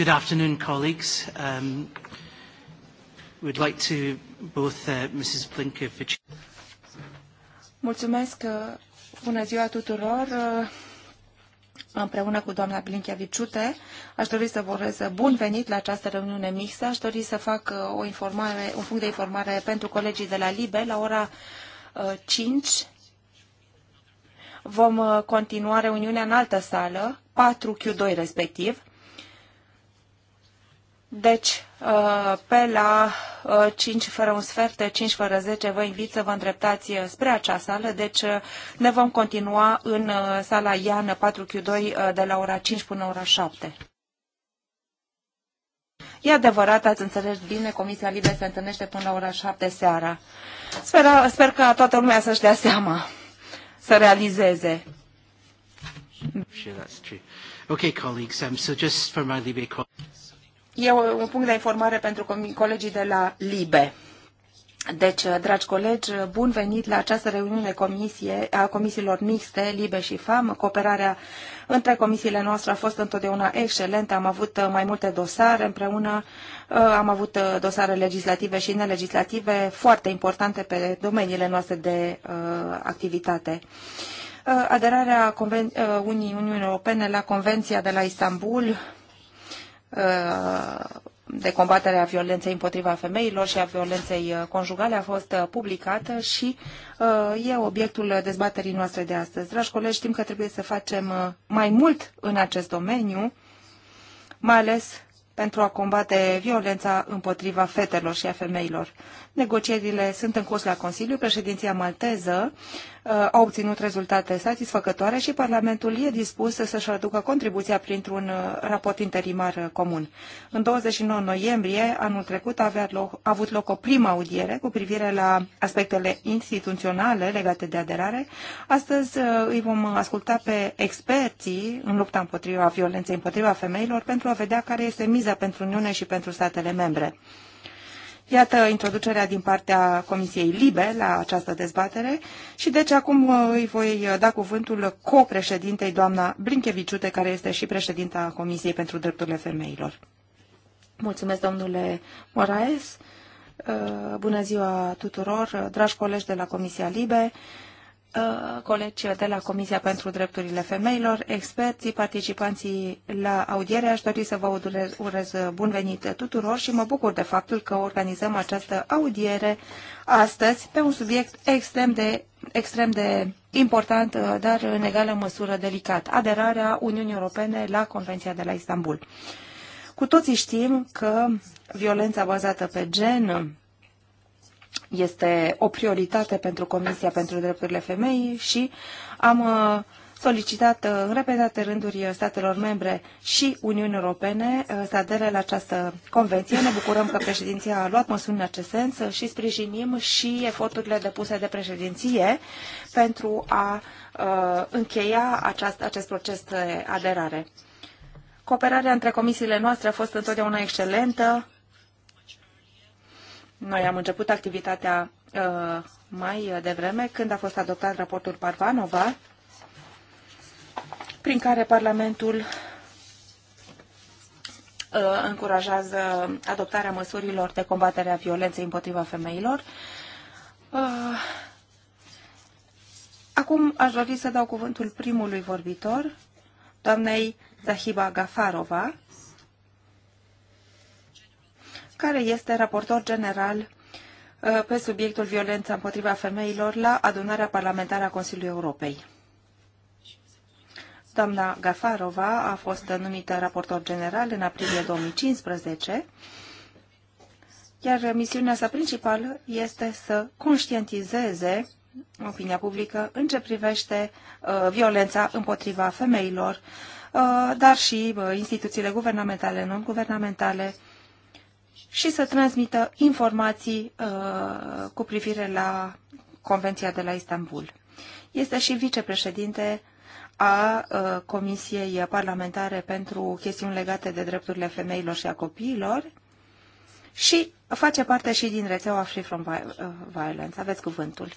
Good afternoon, colleagues. Um, we'd like to both uh, Mrs. Blinkovic. Mulțumesc. Uh, bună ziua tuturor. Uh, împreună cu doamna Viciute, aș dori să vă urez bun venit la această reuniune mixtă. Aș dori să fac uh, o informare, un punct de informare pentru colegii de la LIBE la ora 5. Vom continua reuniunea în altă sală, 4Q2 respectiv deci, uh, pe la 5 uh, fără un sfert, 5 fără 10, vă invit să vă îndreptați uh, spre acea sală. Deci, ne vom continua în sala Ian 4Q2 de la ora 5 până ora 7. E adevărat, ați înțeles bine, Comisia Libe se întâlnește până la ora 7 seara. Sper, sper că toată lumea să-și dea seama, să realizeze. Okay, colleagues, um, so just for my Libe colleagues. E un punct de informare pentru colegii de la LIBE. Deci, dragi colegi, bun venit la această reuniune comisie, a comisiilor mixte, LIBE și FAM. Cooperarea între comisiile noastre a fost întotdeauna excelentă. Am avut mai multe dosare împreună, uh, am avut uh, dosare legislative și nelegislative foarte importante pe domeniile noastre de uh, activitate uh, aderarea Uniunii Europene la Convenția de la Istanbul de combatere a violenței împotriva femeilor și a violenței uh, conjugale a fost uh, publicată și uh, e obiectul dezbaterii noastre de astăzi. Dragi colegi, știm că trebuie să facem mai mult în acest domeniu, mai ales pentru a combate violența împotriva fetelor și a femeilor. Negocierile sunt în curs la Consiliu. Președinția malteză Uh, a obținut rezultate satisfăcătoare și Parlamentul e dispus să-și aducă contribuția printr-un uh, raport interimar uh, comun. În 29 noiembrie anul trecut a avut loc o primă audiere cu privire la aspectele instituționale legate de aderare. Astăzi îi vom asculta pe experții în lupta împotriva violenței împotriva femeilor pentru a vedea care este miza pentru Uniune și pentru statele membre. Iată introducerea din partea Comisiei Libe la această dezbatere și deci acum uh, îi voi uh, da cuvântul copreședintei doamna Blinkeviciute, care este și președinta Comisiei pentru Drepturile Femeilor. Mulțumesc, domnule Moraes. Uh, bună ziua tuturor, dragi colegi de la Comisia Libe. Uh, colegi de la Comisia pentru Drepturile Femeilor, experții, participanții la audiere. Aș dori să vă urez, urez bun venit tuturor și mă bucur de faptul că organizăm această audiere astăzi pe un subiect extrem de, extrem de important, uh, dar în egală măsură delicat, aderarea Uniunii Europene la Convenția de la Istanbul. Cu toții știm că violența bazată pe gen este o prioritate pentru Comisia pentru Drepturile Femeii și am uh, solicitat uh, în repetate rânduri uh, statelor membre și Uniunii Europene să adere la această convenție. Ne bucurăm că președinția a luat măsuri în acest sens și sprijinim și eforturile depuse de președinție pentru a încheia aceast, acest proces de aderare. Cooperarea între comisiile noastre a fost întotdeauna excelentă noi am început activitatea uh, mai devreme când a fost adoptat raportul Parvanova, prin care Parlamentul uh, încurajează adoptarea măsurilor de combatere a violenței împotriva femeilor. Uh, acum aș dori să dau cuvântul primului vorbitor, doamnei Zahiba Gafarova, care este raportor general uh, pe subiectul violența împotriva femeilor la adunarea parlamentară a Consiliului Europei. Doamna Gafarova a fost numită raportor general în aprilie 2015, iar misiunea sa principală este să conștientizeze opinia publică în ce privește uh, violența împotriva femeilor, uh, dar și instituțiile guvernamentale, non-guvernamentale, și să transmită informații uh, cu privire la Convenția de la Istanbul. Este și vicepreședinte a uh, Comisiei Parlamentare pentru chestiuni legate de drepturile femeilor și a copiilor și face parte și din rețeaua Free from uh, Violence. Aveți cuvântul.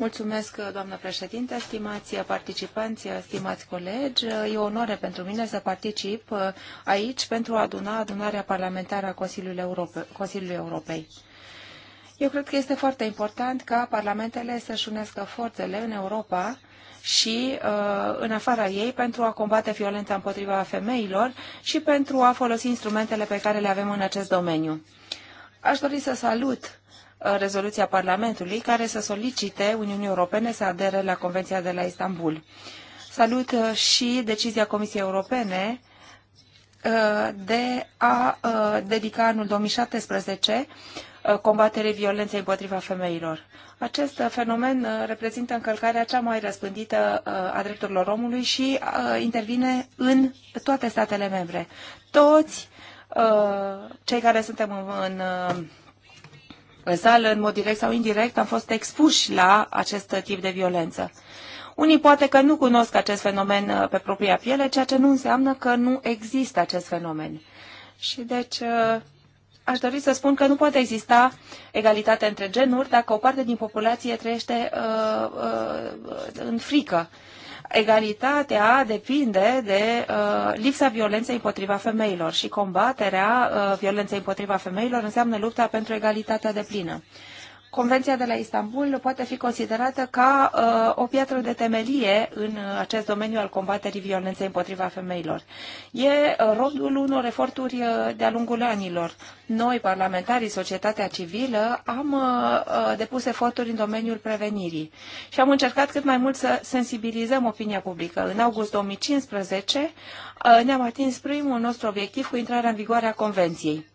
Mulțumesc, doamnă președinte, stimați participanți, stimați colegi. E o onoare pentru mine să particip aici pentru a aduna adunarea parlamentară a Consiliului, Europe, Consiliului Europei. Eu cred că este foarte important ca parlamentele să-și unească forțele în Europa și uh, în afara ei pentru a combate violența împotriva femeilor și pentru a folosi instrumentele pe care le avem în acest domeniu. Aș dori să salut rezoluția Parlamentului care să solicite Uniunii Europene să adere la Convenția de la Istanbul. Salut uh, și decizia Comisiei Europene uh, de a uh, dedica anul 2017 combaterei violenței împotriva femeilor. Acest fenomen reprezintă încălcarea cea mai răspândită a drepturilor omului și intervine în toate statele membre. Toți cei care suntem în în sală, în mod direct sau indirect, am fost expuși la acest tip de violență. Unii poate că nu cunosc acest fenomen uh, pe propria piele, ceea ce nu înseamnă că nu există acest fenomen. Și deci uh, aș dori să spun că nu poate exista egalitate între genuri dacă o parte din populație trăiește uh, uh, în frică egalitatea depinde de uh, lipsa violenței împotriva femeilor și combaterea uh, violenței împotriva femeilor înseamnă lupta pentru egalitatea de plină. Convenția de la Istanbul poate fi considerată ca uh, o piatră de temelie în uh, acest domeniu al combaterii violenței împotriva femeilor. E uh, rodul unor eforturi uh, de-a lungul anilor. Noi, parlamentarii, societatea civilă, am uh, uh depus eforturi în domeniul prevenirii și am încercat cât mai mult să sensibilizăm opinia publică. În august 2015 uh, ne-am atins primul nostru obiectiv cu intrarea în vigoare a Convenției.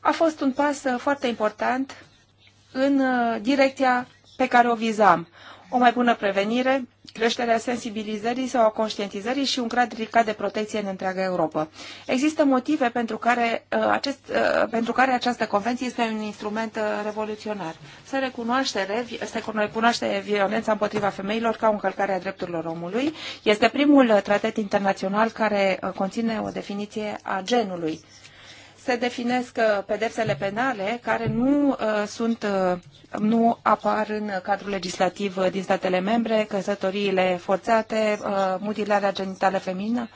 A fost un pas uh, foarte important în uh, direcția pe care o vizam. O mai bună prevenire, creșterea sensibilizării sau a conștientizării și un grad ridicat de protecție în întreaga Europa. Există motive pentru care, uh, acest, uh, pentru care această convenție este un instrument revoluționar. Se recunoaște, se recunoaște violența împotriva femeilor ca o încălcare a drepturilor omului. Este primul tratat internațional care conține o definiție a genului se definesc uh, pedepsele penale care nu uh, sunt uh, nu apar în cadrul legislativ din statele membre, căsătoriile forțate, mutilarea genitală feminină,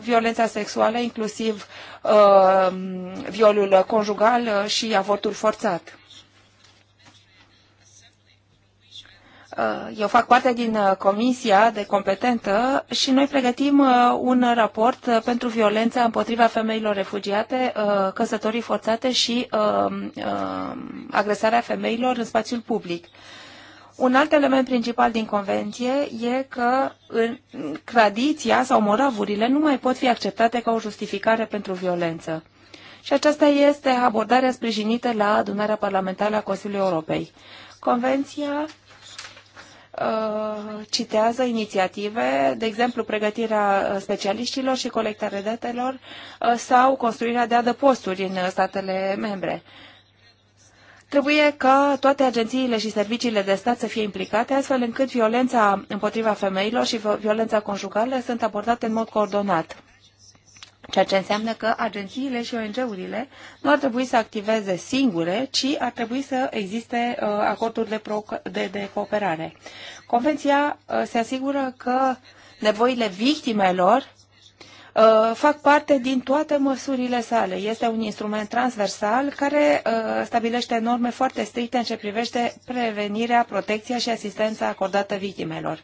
violența sexuală, inclusiv violul conjugal și avortul forțat. Uh, eu fac parte din uh, comisia de competentă și noi pregătim uh, un raport pentru violența împotriva femeilor refugiate, căsătorii forțate și agresarea femeilor în spațiul public. Un alt element principal din convenție e că în tradiția sau moravurile nu mai pot fi acceptate ca o justificare pentru violență. Și aceasta este abordarea sprijinită la adunarea parlamentară a Consiliului Europei. Convenția Uh, citează inițiative, de exemplu pregătirea uh, specialiștilor și colectarea datelor uh, sau construirea de adăposturi în statele membre. Trebuie ca toate agențiile și serviciile de stat să fie implicate, astfel încât violența împotriva femeilor și violența conjugală sunt abordate în mod coordonat ceea ce înseamnă că agențiile și ONG-urile nu ar trebui să activeze singure, ci ar trebui să existe acorduri de, pro- de, de cooperare. Convenția uh, se asigură că nevoile victimelor uh, fac parte din toate măsurile sale. Este un instrument transversal care uh, stabilește norme foarte stricte în ce privește prevenirea, protecția și asistența acordată victimelor,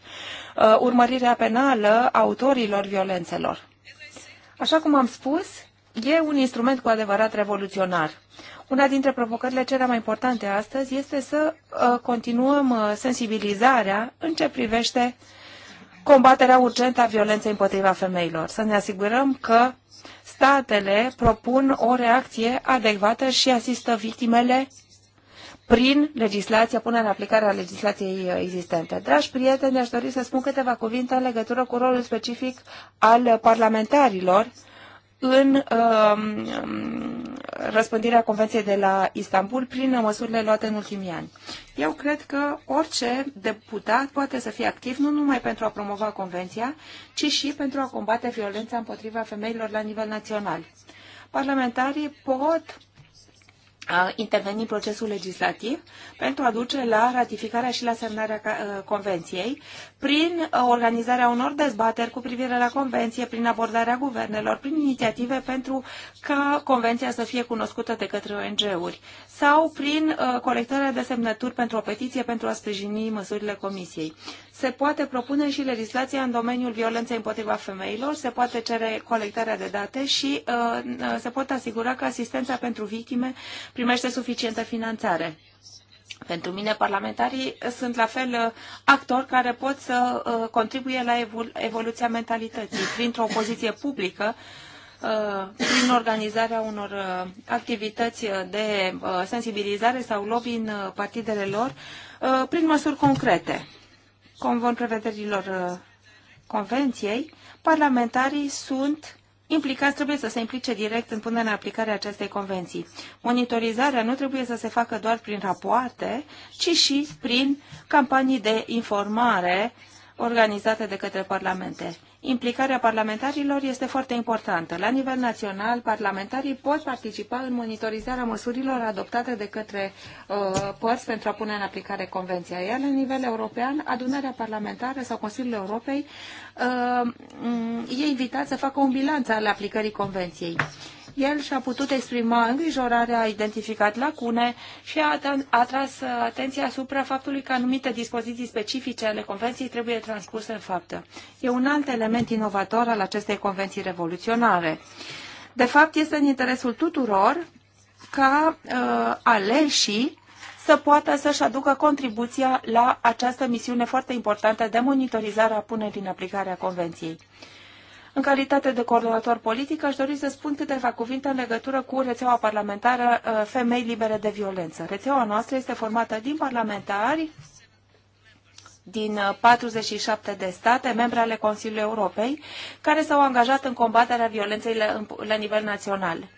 urmărirea penală a autorilor violențelor. Așa cum am spus, e un instrument cu adevărat revoluționar. Una dintre provocările cele mai importante astăzi este să uh, continuăm uh, sensibilizarea în ce privește combaterea urgentă a violenței împotriva femeilor. Să ne asigurăm că statele propun o reacție adecvată și asistă victimele prin legislație, până în aplicarea legislației uh, existente. Dragi prieteni, aș dori să spun câteva cuvinte în legătură cu rolul specific al parlamentarilor în răspândirea Convenției de la Istanbul prin măsurile luate în ultimii ani. Eu cred că orice deputat poate să fie activ nu numai pentru a promova Convenția, ci și pentru a combate violența împotriva femeilor la nivel național. Parlamentarii pot interveni în procesul legislativ pentru a duce la ratificarea și la semnarea uh, convenției prin uh, organizarea unor dezbateri cu privire la convenție, prin abordarea guvernelor, prin inițiative pentru ca convenția să fie cunoscută de către ONG-uri sau prin uh, colectarea de semnături pentru o petiție pentru a sprijini măsurile comisiei se poate propune și legislația în domeniul violenței împotriva femeilor, se poate cere colectarea de date și uh, uh se poate asigura că asistența pentru victime primește suficientă finanțare. Pentru mine, parlamentarii sunt la fel uh, actori care pot să uh, contribuie la evolu evoluția mentalității printr-o poziție publică, prin organizarea unor activități de sensibilizare sau lobby în partidele lor, prin măsuri concrete conform prevederilor uh, convenției, parlamentarii sunt implicați, trebuie să se implice direct în punerea în aplicare acestei convenții. Monitorizarea nu trebuie să se facă doar prin rapoarte, ci și prin campanii de informare organizate de către parlamente implicarea parlamentarilor este foarte importantă. La nivel național, parlamentarii pot participa în monitorizarea măsurilor adoptate de către uh, părți pentru a pune în aplicare convenția. Iar la nivel european, adunarea parlamentară sau Consiliul Europei uh, e invitat să facă un bilanț al aplicării convenției. Uh, el și-a putut exprima îngrijorarea, a identificat lacune și a atras atenția asupra faptului că anumite dispoziții specifice ale convenției trebuie transpuse în faptă. E un alt element inovator al acestei convenții revoluționare. De fapt, este în interesul tuturor ca uh, aleșii să poată să-și aducă contribuția la această misiune foarte importantă de monitorizare a punerii în aplicare a Convenției. În calitate de coordonator politic, aș dori să spun câteva cuvinte în legătură cu rețeaua parlamentară uh, Femei Libere de Violență. Rețeaua noastră este formată din parlamentari din 47 uh, de state, membre ale Consiliului Europei, care s-au angajat în combaterea violenței la, nivel național.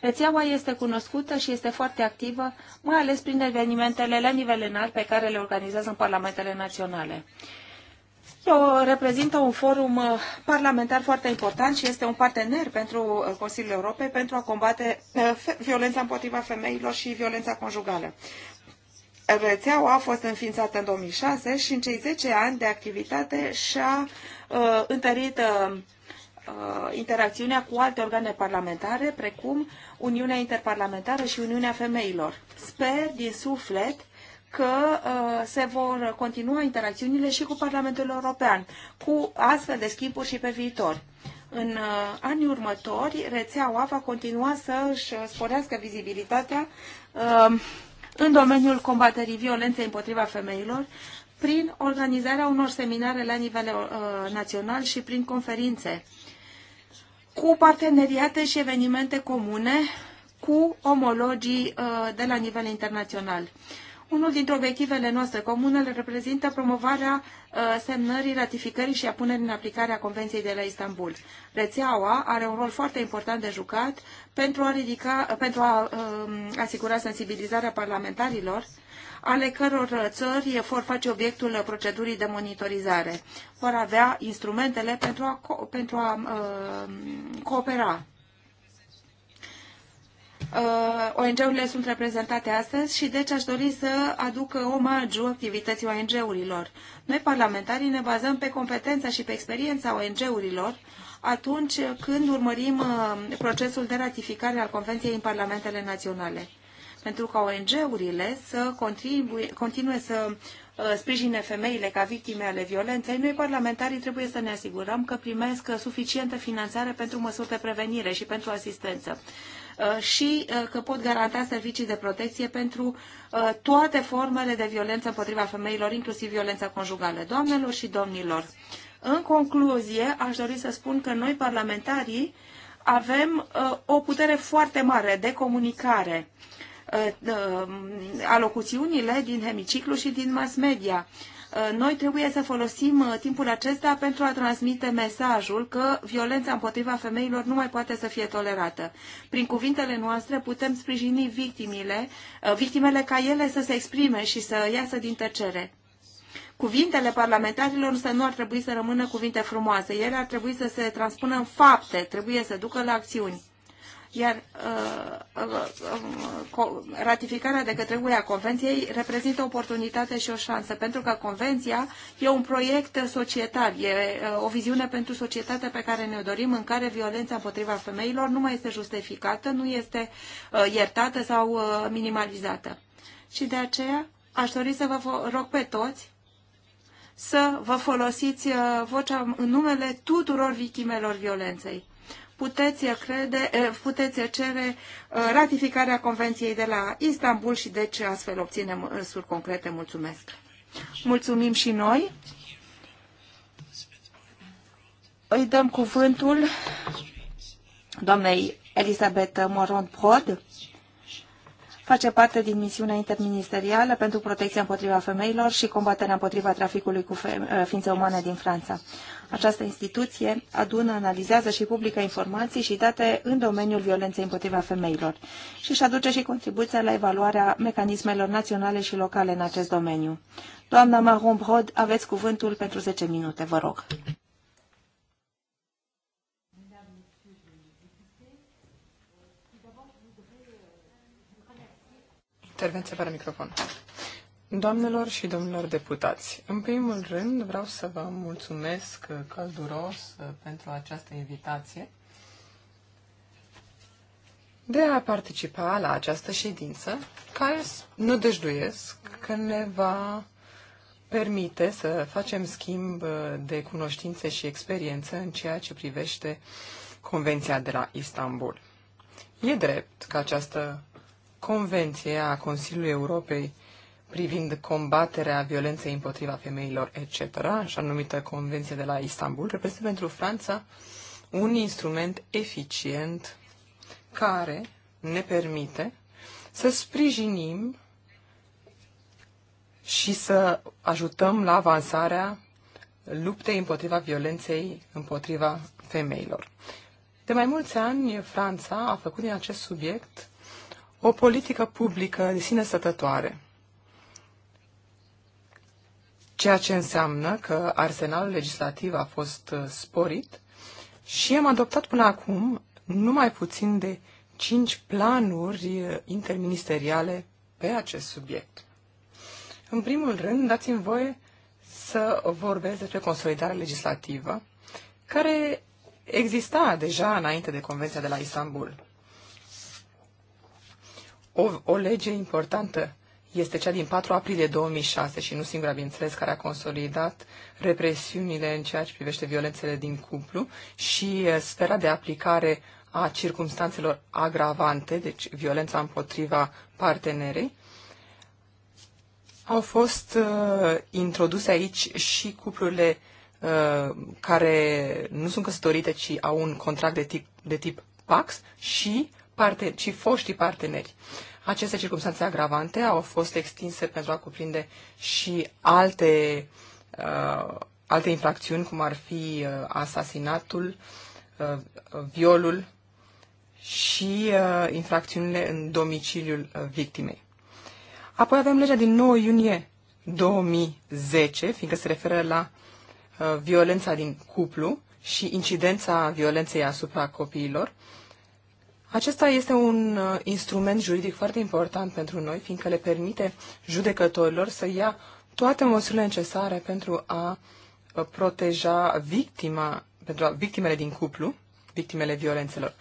Rețeaua este cunoscută și este foarte activă, mai ales prin evenimentele la nivel înalt pe care le organizează în parlamentele naționale reprezintă un forum uh, parlamentar foarte important și este un partener pentru uh, Consiliul Europei pentru a combate uh, violența împotriva femeilor și violența conjugală. Rețeaua a fost înființată în 2006 și în cei 10 ani de activitate și-a uh, întărit uh, interacțiunea cu alte organe parlamentare, precum Uniunea Interparlamentară și Uniunea Femeilor. Sper din suflet că uh, se vor continua interacțiunile și cu Parlamentul European, cu astfel de schimburi și pe viitor. În uh, anii următori, rețeaua va continua să își sporească vizibilitatea uh, în domeniul combaterii violenței împotriva femeilor, prin organizarea unor seminare la nivel uh, național și prin conferințe, cu parteneriate și evenimente comune cu omologii uh, de la nivel internațional. Unul dintre obiectivele noastre comune le reprezintă promovarea uh, semnării, ratificării și a punerii în aplicare a Convenției de la Istanbul. Rețeaua are un rol foarte important de jucat pentru a, ridica, uh, pentru a um, asigura sensibilizarea parlamentarilor ale căror țări vor face obiectul procedurii de monitorizare. Vor avea instrumentele pentru a, pentru a uh, coopera Uh, ONG-urile sunt reprezentate astăzi și deci aș dori să aduc omagiu activității ONG-urilor. Noi, parlamentarii, ne bazăm pe competența și pe experiența ONG-urilor atunci când urmărim uh, procesul de ratificare al Convenției în Parlamentele Naționale. Pentru ca ONG-urile să contribuie, continue să uh, sprijine femeile ca victime ale violenței, noi parlamentarii trebuie să ne asigurăm că primesc suficientă finanțare pentru măsuri de prevenire și pentru asistență. Uh, și uh, că pot garanta servicii de protecție pentru uh, toate formele de violență împotriva femeilor, inclusiv violența conjugală. Doamnelor și domnilor, în concluzie, aș dori să spun că noi, parlamentarii, avem o putere foarte mare de comunicare alocuțiunile din hemiciclu și din mass media Uh, noi trebuie să folosim uh, timpul acesta pentru a transmite mesajul că violența împotriva femeilor nu mai poate să fie tolerată. Prin cuvintele noastre putem sprijini victimile, uh, victimele ca ele să se exprime și să iasă din tăcere. Cuvintele parlamentarilor însă nu ar trebui să rămână cuvinte frumoase, ele ar trebui să se transpună în fapte, trebuie să ducă la acțiuni iar uh, uh, uh, um, ratificarea de către UE a Convenției reprezintă o oportunitate și o șansă, pentru că Convenția e un proiect societar, e o viziune pentru societatea pe care ne-o dorim, în care violența împotriva femeilor nu mai este justificată, nu este iertată sau minimalizată. Și de aceea aș dori să vă rog pe toți să vă folosiți vocea în numele tuturor victimelor violenței puteți, crede, eh, puteți cere eh, ratificarea Convenției de la Istanbul și deci astfel obținem măsuri concrete. Mulțumesc! Mulțumim și noi! Îi dăm cuvântul doamnei Elisabeth Moron-Prod face parte din misiunea interministerială pentru protecția împotriva femeilor și combaterea împotriva traficului cu uh, ființe umane din Franța. Această instituție adună, analizează și publică informații și date în domeniul violenței împotriva femeilor și își aduce și contribuția la evaluarea mecanismelor naționale și locale în acest domeniu. Doamna Maron Brod, aveți cuvântul pentru 10 minute, vă rog. Intervenție fără microfon. Doamnelor și domnilor deputați, în primul rând vreau să vă mulțumesc călduros pentru această invitație de a participa la această ședință, care nu dăjduiesc că ne va permite să facem schimb de cunoștințe și experiență în ceea ce privește Convenția de la Istanbul. E drept că această Convenție a Consiliului Europei privind combaterea violenței împotriva femeilor, etc., așa numită Convenție de la Istanbul, reprezintă pentru Franța un instrument eficient care ne permite să sprijinim și să ajutăm la avansarea luptei împotriva violenței împotriva femeilor. De mai mulți ani, Franța a făcut din acest subiect o politică publică de sine sătătoare. Ceea ce înseamnă că arsenalul legislativ a fost uh, sporit și am adoptat până acum numai puțin de cinci planuri uh, interministeriale pe acest subiect. În primul rând, dați-mi voie să vorbesc despre consolidarea legislativă, care exista deja înainte de Convenția de la Istanbul o, o lege importantă este cea din 4 aprilie 2006 și nu singura, bineînțeles, care a consolidat represiunile în ceea ce privește violențele din cuplu și uh, sfera de aplicare a circumstanțelor agravante, deci violența împotriva partenerei. Au fost uh, introduse aici și cuplurile uh, care nu sunt căsătorite, ci au un contract de tip, de tip PAX și parte, ci foștii parteneri. Aceste circunstanțe agravante au fost extinse pentru a cuprinde și alte, uh, alte infracțiuni, cum ar fi uh, asasinatul, uh, violul și uh, infracțiunile în domiciliul uh, victimei. Apoi avem legea din 9 iunie 2010, fiindcă se referă la uh, violența din cuplu și incidența violenței asupra copiilor. Uh, acesta este un uh, instrument juridic foarte important pentru noi, fiindcă le permite judecătorilor să ia toate măsurile necesare pentru a uh, proteja victima, pentru a, victimele din cuplu, victimele violențelor.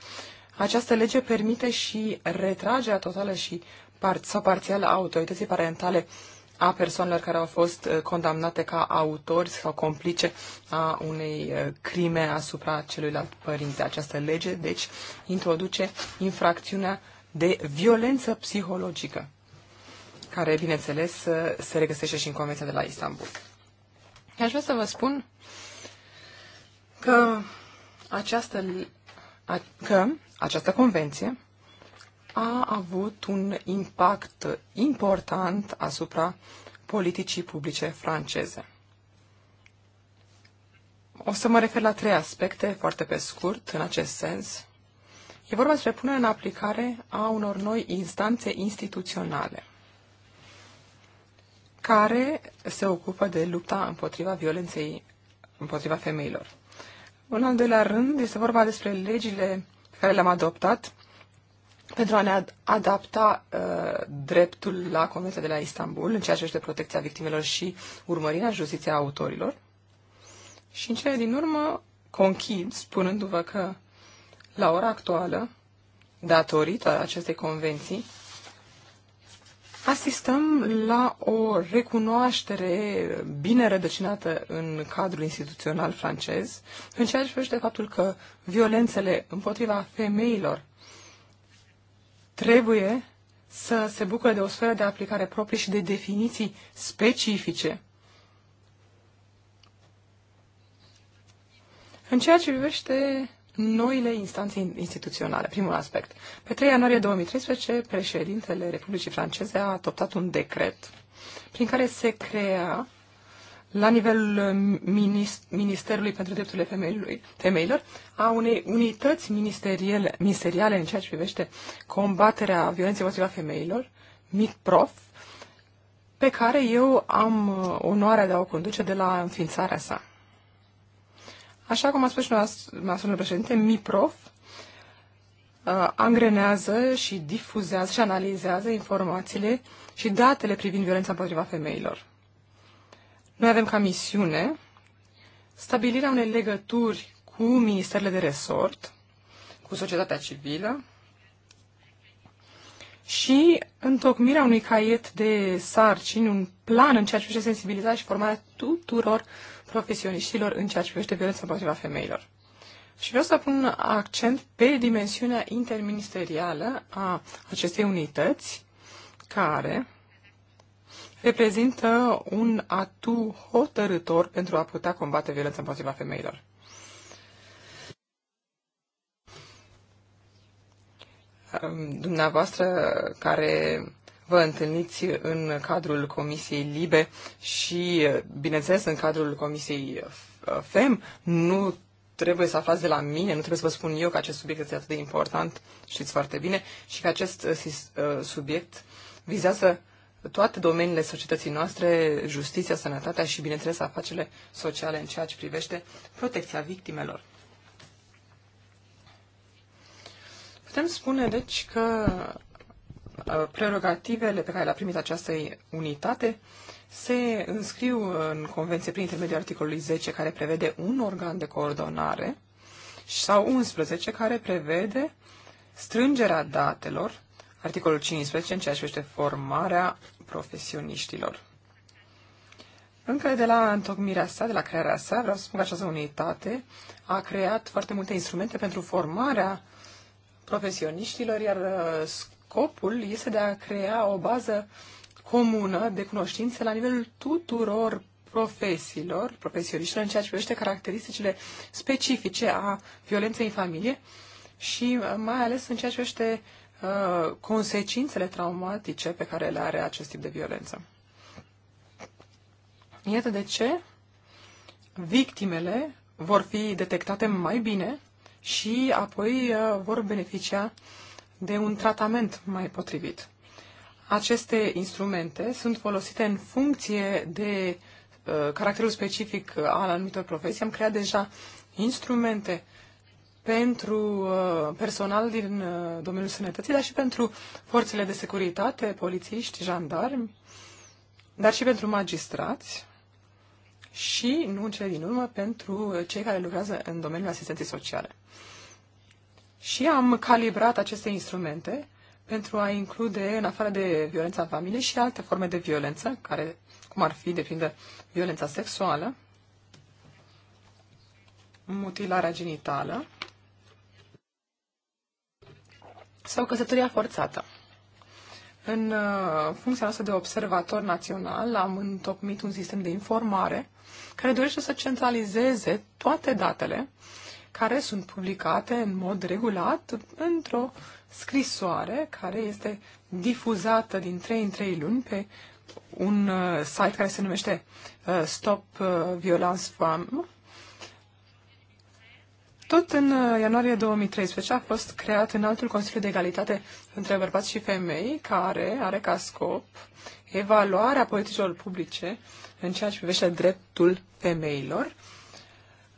Această lege permite și retragerea totală și par, sau parțială a autorității parentale uh, a persoanelor care au fost uh, condamnate ca autori sau complice a unei uh, crime asupra celuilalt părinte. Această lege, deci, introduce infracțiunea de violență psihologică, care, bineînțeles, uh, se regăsește și în Convenția de la Istanbul. Aș vrea să vă spun că această, că această convenție a avut un impact important asupra politicii publice franceze. O să mă refer la trei aspecte foarte pe scurt în acest sens. E vorba despre punerea în aplicare a unor noi instanțe instituționale care se ocupă de lupta împotriva violenței împotriva femeilor. În al doilea rând, este vorba despre legile pe care le-am adoptat pentru a ne adapta uh, dreptul la Convenția de la Istanbul în ceea ce este protecția victimelor și urmărirea justiției autorilor. Și în cele din urmă conchid spunându-vă că la ora actuală, datorită acestei convenții, asistăm la o recunoaștere bine rădăcinată în cadrul instituțional francez în ceea ce privește faptul că violențele împotriva femeilor trebuie să se bucure de o sferă de aplicare proprie și de definiții specifice. În ceea ce privește noile instanțe instituționale, primul aspect. Pe 3 ianuarie 2013, președintele Republicii Franceze a adoptat un decret prin care se crea la nivelul uh, Ministerului pentru Drepturile Femeilor, a unei unități ministeriale, ministeriale în ceea ce privește combaterea violenței împotriva femeilor, MITPROF, pe care eu am uh, onoarea de a o conduce de la înființarea sa. Așa cum a spus și noastră președinte, MIPROF uh, angrenează și difuzează și analizează informațiile și datele privind violența împotriva femeilor. Noi avem ca misiune stabilirea unei legături cu ministerele de resort, cu societatea civilă și întocmirea unui caiet de sarcini, un plan în ceea ce privește sensibilizarea și formarea tuturor profesioniștilor în ceea ce privește violența împotriva femeilor. Și vreau să pun accent pe dimensiunea interministerială a acestei unități, care reprezintă un atu hotărător pentru a putea combate violența împotriva femeilor. Dumneavoastră care vă întâlniți în cadrul Comisiei Libe și, bineînțeles, în cadrul Comisiei uh, FEM, nu trebuie să aflați de la mine, nu trebuie să vă spun eu că acest subiect este atât de important, știți foarte bine, și că acest uh, uh, subiect vizează toate domeniile societății noastre, justiția, sănătatea și, bineînțeles, afacerile sociale în ceea ce privește protecția victimelor. Putem spune, deci, că uh, prerogativele pe care le-a primit această unitate se înscriu în convenție prin intermediul articolului 10, care prevede un organ de coordonare, sau 11, care prevede strângerea datelor articolul 15 în ceea ce privește formarea profesioniștilor. Încă de la întocmirea sa, de la crearea sa, vreau să spun că această unitate a creat foarte multe instrumente pentru formarea profesioniștilor, iar uh, scopul este de a crea o bază comună de cunoștințe la nivelul tuturor profesiilor, profesioniștilor, în ceea ce privește caracteristicile specifice a violenței în familie și uh, mai ales în ceea ce privește Uh, consecințele traumatice pe care le are acest tip de violență. Iată de ce victimele vor fi detectate mai bine și apoi uh, vor beneficia de un tratament mai potrivit. Aceste instrumente sunt folosite în funcție de uh, caracterul specific al anumitor profesii. Am creat deja instrumente uh, pentru uh, personal din uh, domeniul sănătății, dar și pentru forțele de securitate, polițiști, jandarmi, dar și pentru magistrați și, nu în cele din urmă, pentru cei care lucrează în domeniul asistenței sociale. Și am calibrat aceste instrumente pentru a include, în afară de violența în familie, și alte forme de violență, care, cum ar fi, depinde, violența sexuală, mutilarea genitală, sau căsătoria forțată. În uh, funcția noastră de observator național am întocmit un sistem de informare care dorește să centralizeze toate datele care sunt publicate în mod regulat într-o scrisoare care este difuzată din 3 în 3 luni pe un uh, site care se numește uh, Stop Violence Farm tot în uh, ianuarie 2013 a fost creat în altul Consiliu de Egalitate între bărbați și femei, care are ca scop evaluarea politicilor publice în ceea ce privește dreptul femeilor.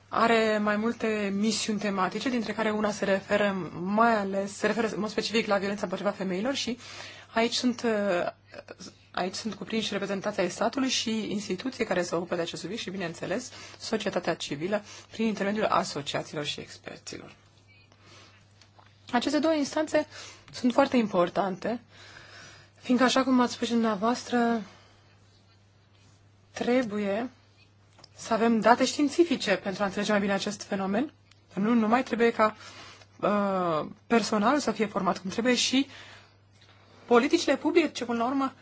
Are mai multe misiuni tematice, dintre care una se referă mai ales, se referă în mod specific la violența împotriva femeilor și aici sunt uh, Aici sunt cuprinși reprezentanții ai statului și instituții care se ocupă de acest subiect și, bineînțeles, societatea civilă prin intermediul asociațiilor și experților. Aceste două instanțe sunt foarte importante, fiindcă, așa cum ați spus și dumneavoastră, trebuie să avem date științifice pentru a înțelege mai bine acest fenomen. Nu numai trebuie ca uh, personalul să fie format cum trebuie și politicile publice, până la urmă,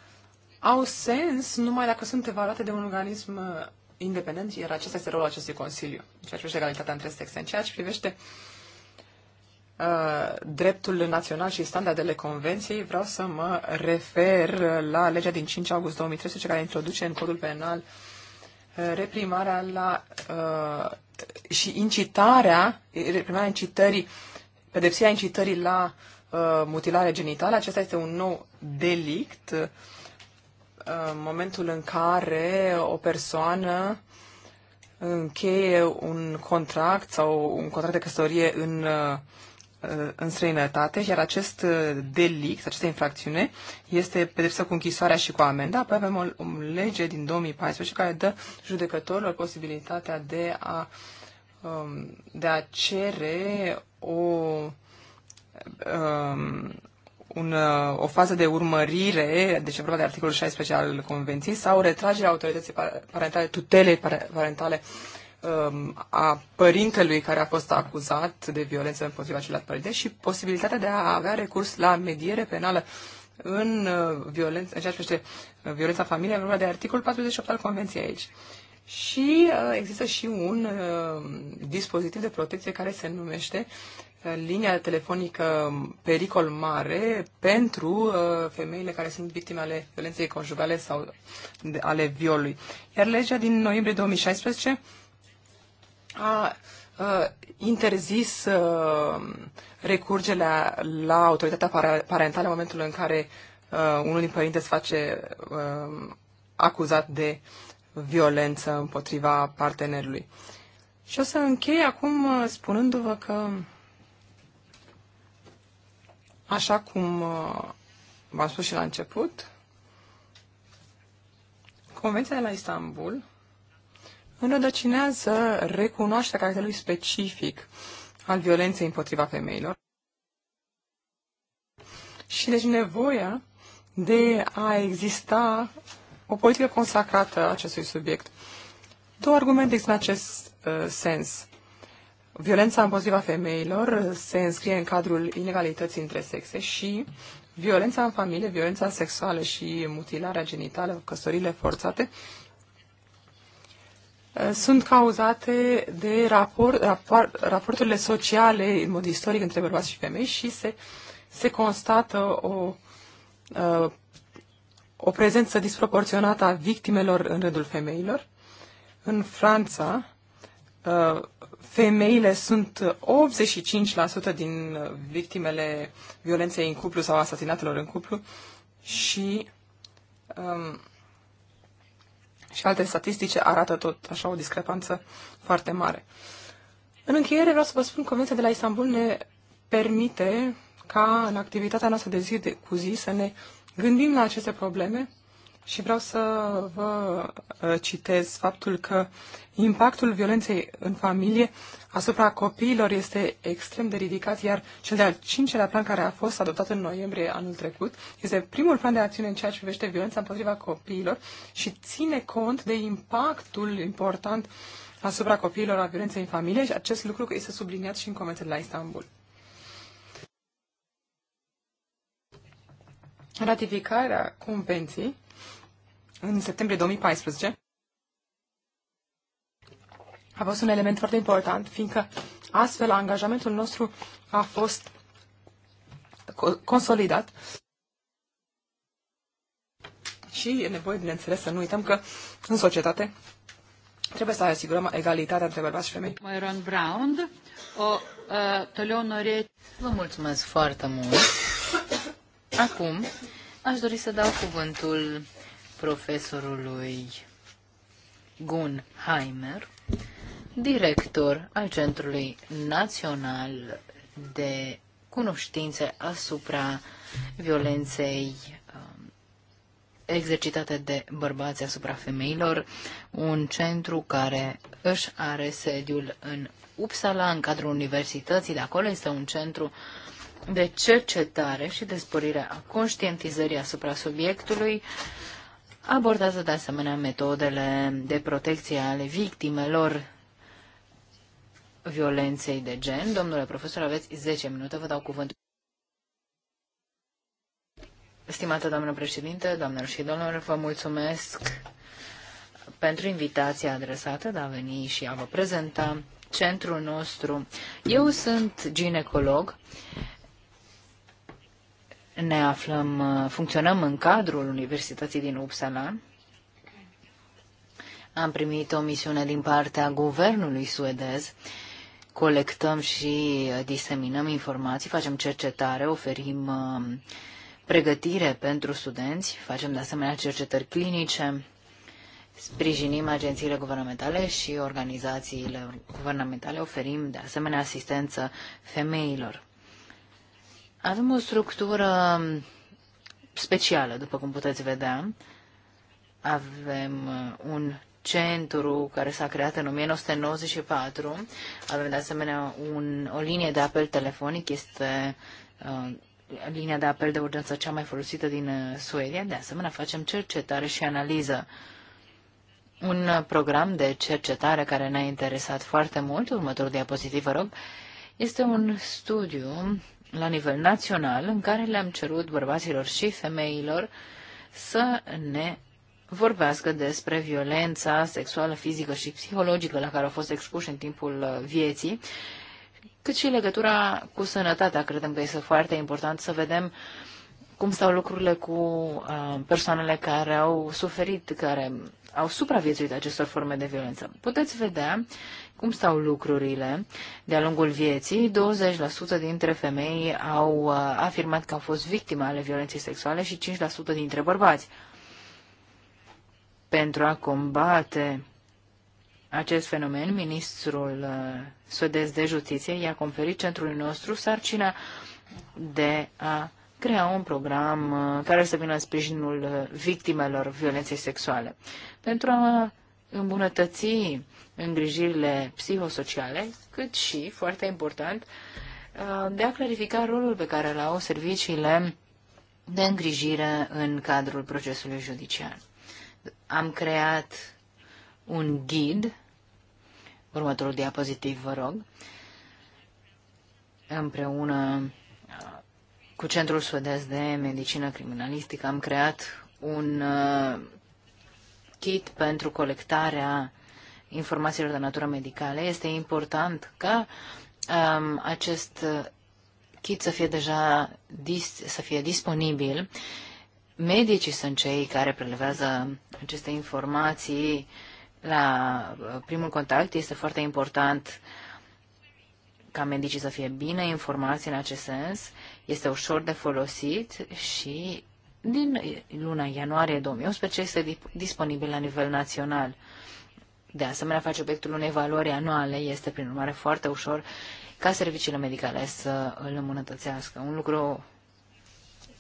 au sens numai dacă sunt evaluate de un organism uh, independent, iar acesta este rolul acestui Consiliu, în ceea ce privește egalitatea între sexe. În ceea ce privește uh, dreptul național și standardele convenției, vreau să mă refer la legea din 5 august 2013 care introduce în codul penal uh, reprimarea la, uh, și incitarea, reprimarea incitării, pedepsirea incitării la uh, mutilare genitală. Acesta este un nou delict uh, Uh, momentul în care o persoană încheie un contract sau un contract de căsătorie în, uh, în străinătate, iar acest uh, delict, această infracțiune, este pedepsă cu închisoarea și cu amenda. Apoi avem o, o lege din 2014 care dă judecătorilor posibilitatea de a, um, de a cere o um, un, uh, o fază de urmărire, deci e vorba de articolul 16 al Convenției, sau retragerea autorității parentale, tutelei parentale um, a părintelui care a fost acuzat de violență împotriva celălalt părinte și posibilitatea de a avea recurs la mediere penală în, uh, violență, în ceea ce privește uh, violența familiei, vorba de articolul 48 al Convenției aici. Și uh, există și un uh, dispozitiv de protecție care se numește linia telefonică pericol mare pentru uh, femeile care sunt victime ale violenței conjugale sau ale violului. Iar legea din noiembrie 2016 a uh, interzis uh, recurgerea la autoritatea parentală în momentul în care unul din părinți se face acuzat de violență împotriva partenerului. Și o să închei acum spunându-vă că Așa cum uh, v-am spus și la început, Convenția de la Istanbul înrădăcinează recunoașterea caracterului specific al violenței împotriva femeilor și deci nevoia de a exista o politică consacrată acestui subiect. Două argumente în acest uh, sens. Violența împotriva femeilor se înscrie în cadrul inegalității între sexe și violența în familie, violența sexuală și mutilarea genitală, căsătorile forțate, uh, sunt cauzate de raport, rapor, raporturile sociale în mod istoric între bărbați și femei și se, se constată o, uh, o prezență disproporționată a victimelor în rândul femeilor. În Franța, uh, femeile sunt 85% din victimele violenței în cuplu sau asasinatelor în cuplu și, um, și alte statistice arată tot așa o discrepanță foarte mare. În încheiere vreau să vă spun că Convenția de la Istanbul ne permite ca în activitatea noastră de zi de, cu zi să ne gândim la aceste probleme și vreau să vă uh, citez faptul că impactul violenței în familie asupra copiilor este extrem de ridicat, iar cel de-al cincelea plan care a fost adoptat în noiembrie anul trecut este primul plan de acțiune în ceea ce privește violența împotriva copiilor și ține cont de impactul important asupra copiilor a violenței în familie și acest lucru este subliniat și în Convenția la Istanbul. Ratificarea convenției în septembrie 2014, a fost un element foarte important, fiindcă astfel angajamentul nostru a fost consolidat. Și e nevoie, bineînțeles, să nu uităm că în societate trebuie să asigurăm egalitatea între bărbați și femei. Myron Brown, o ă, tolionore. Vă mulțumesc foarte mult. Acum aș dori să dau cuvântul profesorului Gunheimer, director al Centrului Național de Cunoștințe asupra violenței um, exercitate de bărbați asupra femeilor, un centru care își are sediul în Uppsala, în cadrul universității de acolo. Este un centru de cercetare și de sporire a conștientizării asupra subiectului. Uh, Abordează de asemenea metodele de protecție ale victimelor violenței de gen. Domnule profesor, aveți 10 minute, vă dau cuvântul. Stimată doamnă președinte, doamnelor și domnilor, vă mulțumesc pentru invitația adresată de a veni și a vă prezenta centrul nostru. Eu sunt ginecolog ne aflăm, uh, funcționăm în cadrul Universității din Uppsala. Am primit o misiune din partea guvernului suedez. Colectăm și uh, diseminăm informații, facem cercetare, oferim uh, pregătire pentru studenți, facem de asemenea cercetări clinice, sprijinim agențiile guvernamentale și organizațiile guvernamentale, oferim de asemenea asistență femeilor. Avem o structură specială, după cum puteți vedea. Avem uh, un centru care s-a creat în 1994. Avem de asemenea un, o linie de apel telefonic, este uh, linia de apel de urgență cea mai folosită din uh, Suedia. De asemenea, facem cercetare și analiză. Un uh, program de cercetare care ne-a interesat foarte mult, următorul diapozitiv, vă rog, este un studiu la nivel național în care le-am cerut bărbaților și femeilor să ne vorbească despre violența sexuală, fizică și psihologică la care au fost expuși în timpul uh, vieții, cât și legătura cu sănătatea. Credem că este foarte important să vedem cum stau lucrurile cu uh, persoanele care au suferit, care au supraviețuit acestor forme de violență. Puteți vedea cum stau lucrurile de-a lungul vieții, 20% dintre femei au uh, afirmat că au fost victime ale violenței sexuale și 5% dintre bărbați. Pentru a combate acest fenomen, ministrul uh, suedez de justiție i-a conferit centrului nostru sarcina de a crea un program uh, care să vină în sprijinul victimelor violenței sexuale. Pentru a îmbunătăți îngrijirile psihosociale, cât și, foarte important, uh, de a clarifica rolul pe care îl au serviciile de îngrijire în cadrul procesului judiciar. Am creat un ghid, următorul diapozitiv, vă rog, împreună uh, cu Centrul Suedez de Medicină Criminalistică am creat un uh, kit pentru colectarea informațiilor de natură medicală. Este important ca um, acest kit să fie deja dis- să fie disponibil. Medicii sunt cei care prelevează aceste informații la primul contact. Este foarte important ca medicii să fie bine informați în acest sens. Este ușor de folosit și din luna ianuarie 2018 este disponibil la nivel național. De asemenea, face obiectul unei valori anuale, este prin urmare foarte ușor ca serviciile medicale să îl îmbunătățească. Un lucru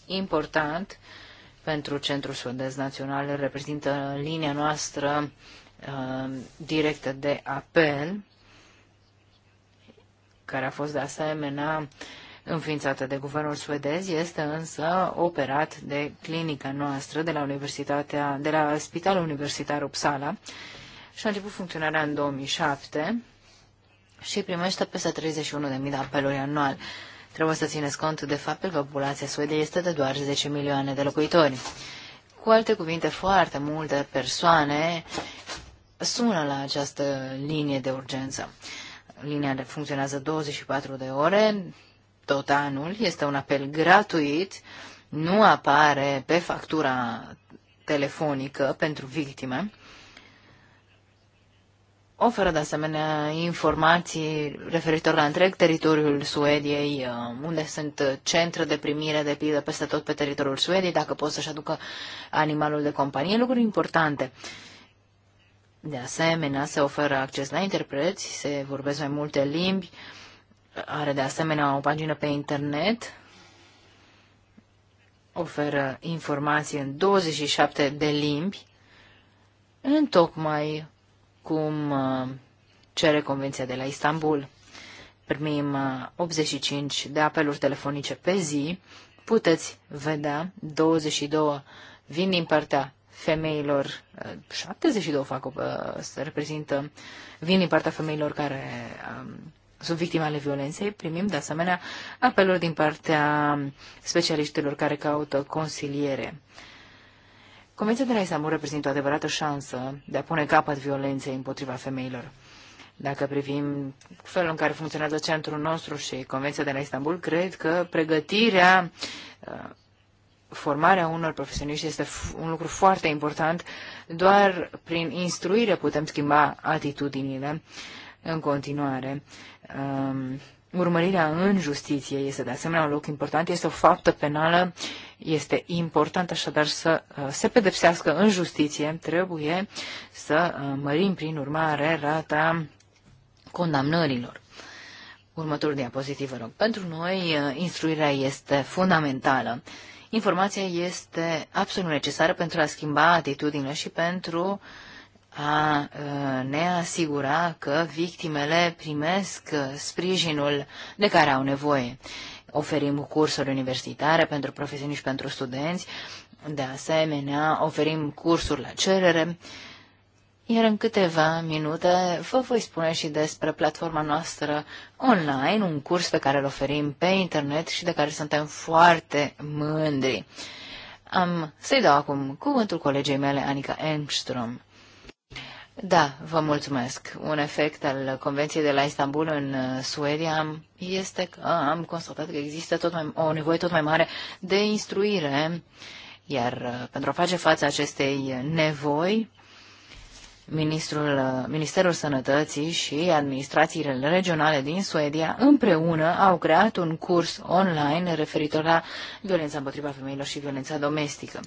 important pentru Centrul Suedez Național reprezintă linia noastră uh, directă de apel, care a fost de asemenea uh, înființată de guvernul suedez, este însă operat de clinica noastră de la, Universitatea, de la Spitalul Universitar Uppsala și a început funcționarea în 2007 și primește peste 31.000 de apeluri anual. Trebuie să țineți cont de faptul că populația suedei este de doar 10 milioane de locuitori. Cu alte cuvinte, foarte multe persoane sună la această linie de urgență. Linia funcționează 24 de ore, tot anul, este un apel gratuit, nu apare pe factura telefonică pentru victime. Oferă de asemenea informații referitor la întreg teritoriul Suediei, uh, unde sunt centre de primire de pildă peste tot pe teritoriul Suediei, dacă pot să-și aducă animalul de companie, lucruri importante. De asemenea, se oferă acces la interpreți, se vorbesc mai multe limbi, uh, are de asemenea o pagină pe internet, oferă informații în 27 de limbi, în tocmai cum uh, cere Convenția de la Istanbul. Primim 85 uh, de apeluri telefonice pe zi, puteți vedea 22 vin din partea femeilor, 72 uh, fac, se reprezintă, vin din partea femeilor care um, sunt victime ale violenței, primim de asemenea apeluri din partea specialiștilor care caută consiliere. Convenția de la Istanbul reprezintă o adevărată șansă de a pune capăt violenței împotriva femeilor. Dacă privim felul în care funcționează centrul nostru și Convenția de la Istanbul, cred că pregătirea, uh, formarea unor profesioniști este un lucru foarte important. Doar prin instruire putem schimba atitudinile în continuare um, urmărirea în justiție este de asemenea un loc important, este o faptă penală, este important așadar să uh, se pedepsească în justiție, trebuie să uh, mărim prin urmare rata condamnărilor. Următorul diapozitiv, vă rog. Pentru noi, uh, instruirea este fundamentală. Informația este absolut necesară pentru a schimba atitudinile și pentru a ne asigura că victimele primesc sprijinul de care au nevoie. Oferim cursuri universitare pentru profesioniști și pentru studenți, de asemenea oferim cursuri la cerere, iar în câteva minute vă voi spune și despre platforma noastră online, un curs pe care îl oferim pe internet și de care suntem foarte mândri. Am să-i dau acum cuvântul colegei mele, Anica Engström. Da, vă mulțumesc. Un efect al Convenției de la Istanbul în uh, Suedia este că am constatat că există tot mai, o nevoie tot mai mare de instruire, iar uh, pentru a face față acestei nevoi, Ministrul, uh, Ministerul Sănătății și administrațiile regionale din Suedia împreună au creat un curs online referitor la violența împotriva femeilor și violența domestică.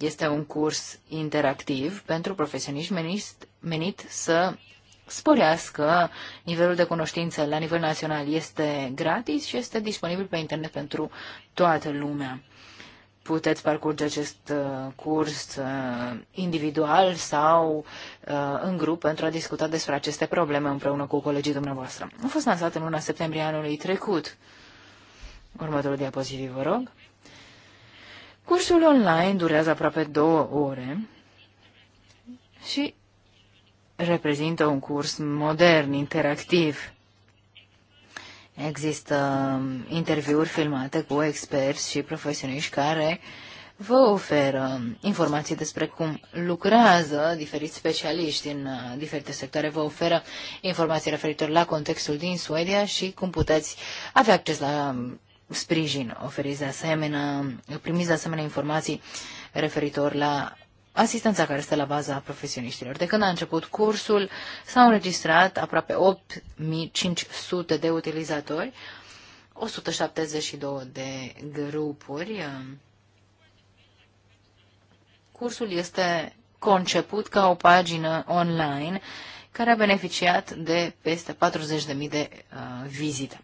Este un curs interactiv pentru profesioniști menist, menit să sporească nivelul de cunoștință la nivel național. Este gratis și este disponibil pe internet pentru toată lumea. Puteți parcurge acest uh, curs uh, individual sau uh, în grup pentru a discuta despre aceste probleme împreună cu colegii dumneavoastră. A fost lansat în luna septembrie anului trecut. Următorul diapozitiv, vă rog. Cursul online durează aproape două ore și reprezintă un curs modern, interactiv. Există interviuri filmate cu experți și profesioniști care vă oferă informații despre cum lucrează diferiți specialiști în uh, diferite sectoare, vă oferă informații referitor la contextul din Suedia și cum puteți avea acces la um, sprijin oferiți de asemenea, primiți de asemenea informații referitor la asistența care stă la baza profesioniștilor. De când a început cursul, s-au înregistrat aproape 8500 de utilizatori, 172 de grupuri. Cursul este conceput ca o pagină online care a beneficiat de peste 40.000 de uh, vizite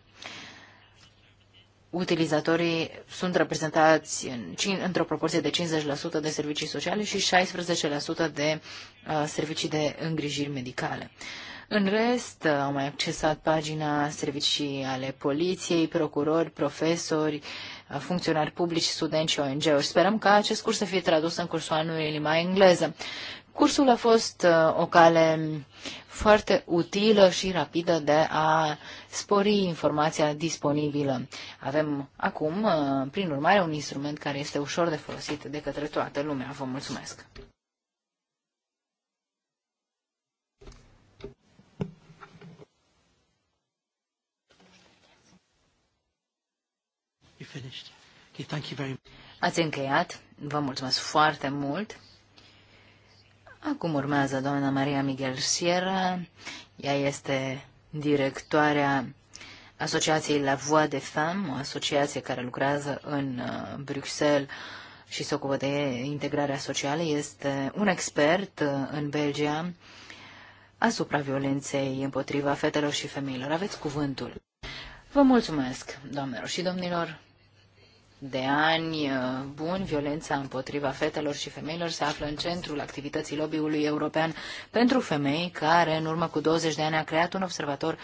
utilizatorii sunt reprezentați în, într-o proporție de 50% de servicii sociale și 16% de uh, servicii de îngrijiri medicale. În rest, uh, au mai accesat pagina servicii ale poliției, procurori, profesori, uh, funcționari publici, studenți și ONG-uri. Sperăm ca acest curs să fie tradus în cursul anului în limba engleză. Cursul a fost uh, o cale foarte utilă și rapidă de a spori informația disponibilă. Avem acum, uh, prin urmare, un instrument care este ușor de folosit de către toată lumea. Vă mulțumesc! Ați încheiat. Vă mulțumesc foarte mult. Acum urmează doamna Maria Miguel Sierra. Ea este directoarea Asociației La Voix de Femmes, o asociație care lucrează în uh, Bruxelles și se ocupă de integrarea socială. Este un expert uh, în Belgia asupra violenței împotriva fetelor și femeilor. Aveți cuvântul. Vă mulțumesc, doamnelor și domnilor de ani uh, buni, violența împotriva fetelor și femeilor se află în centrul activității lobby-ului european pentru femei, care în urmă cu 20 de ani a creat un observator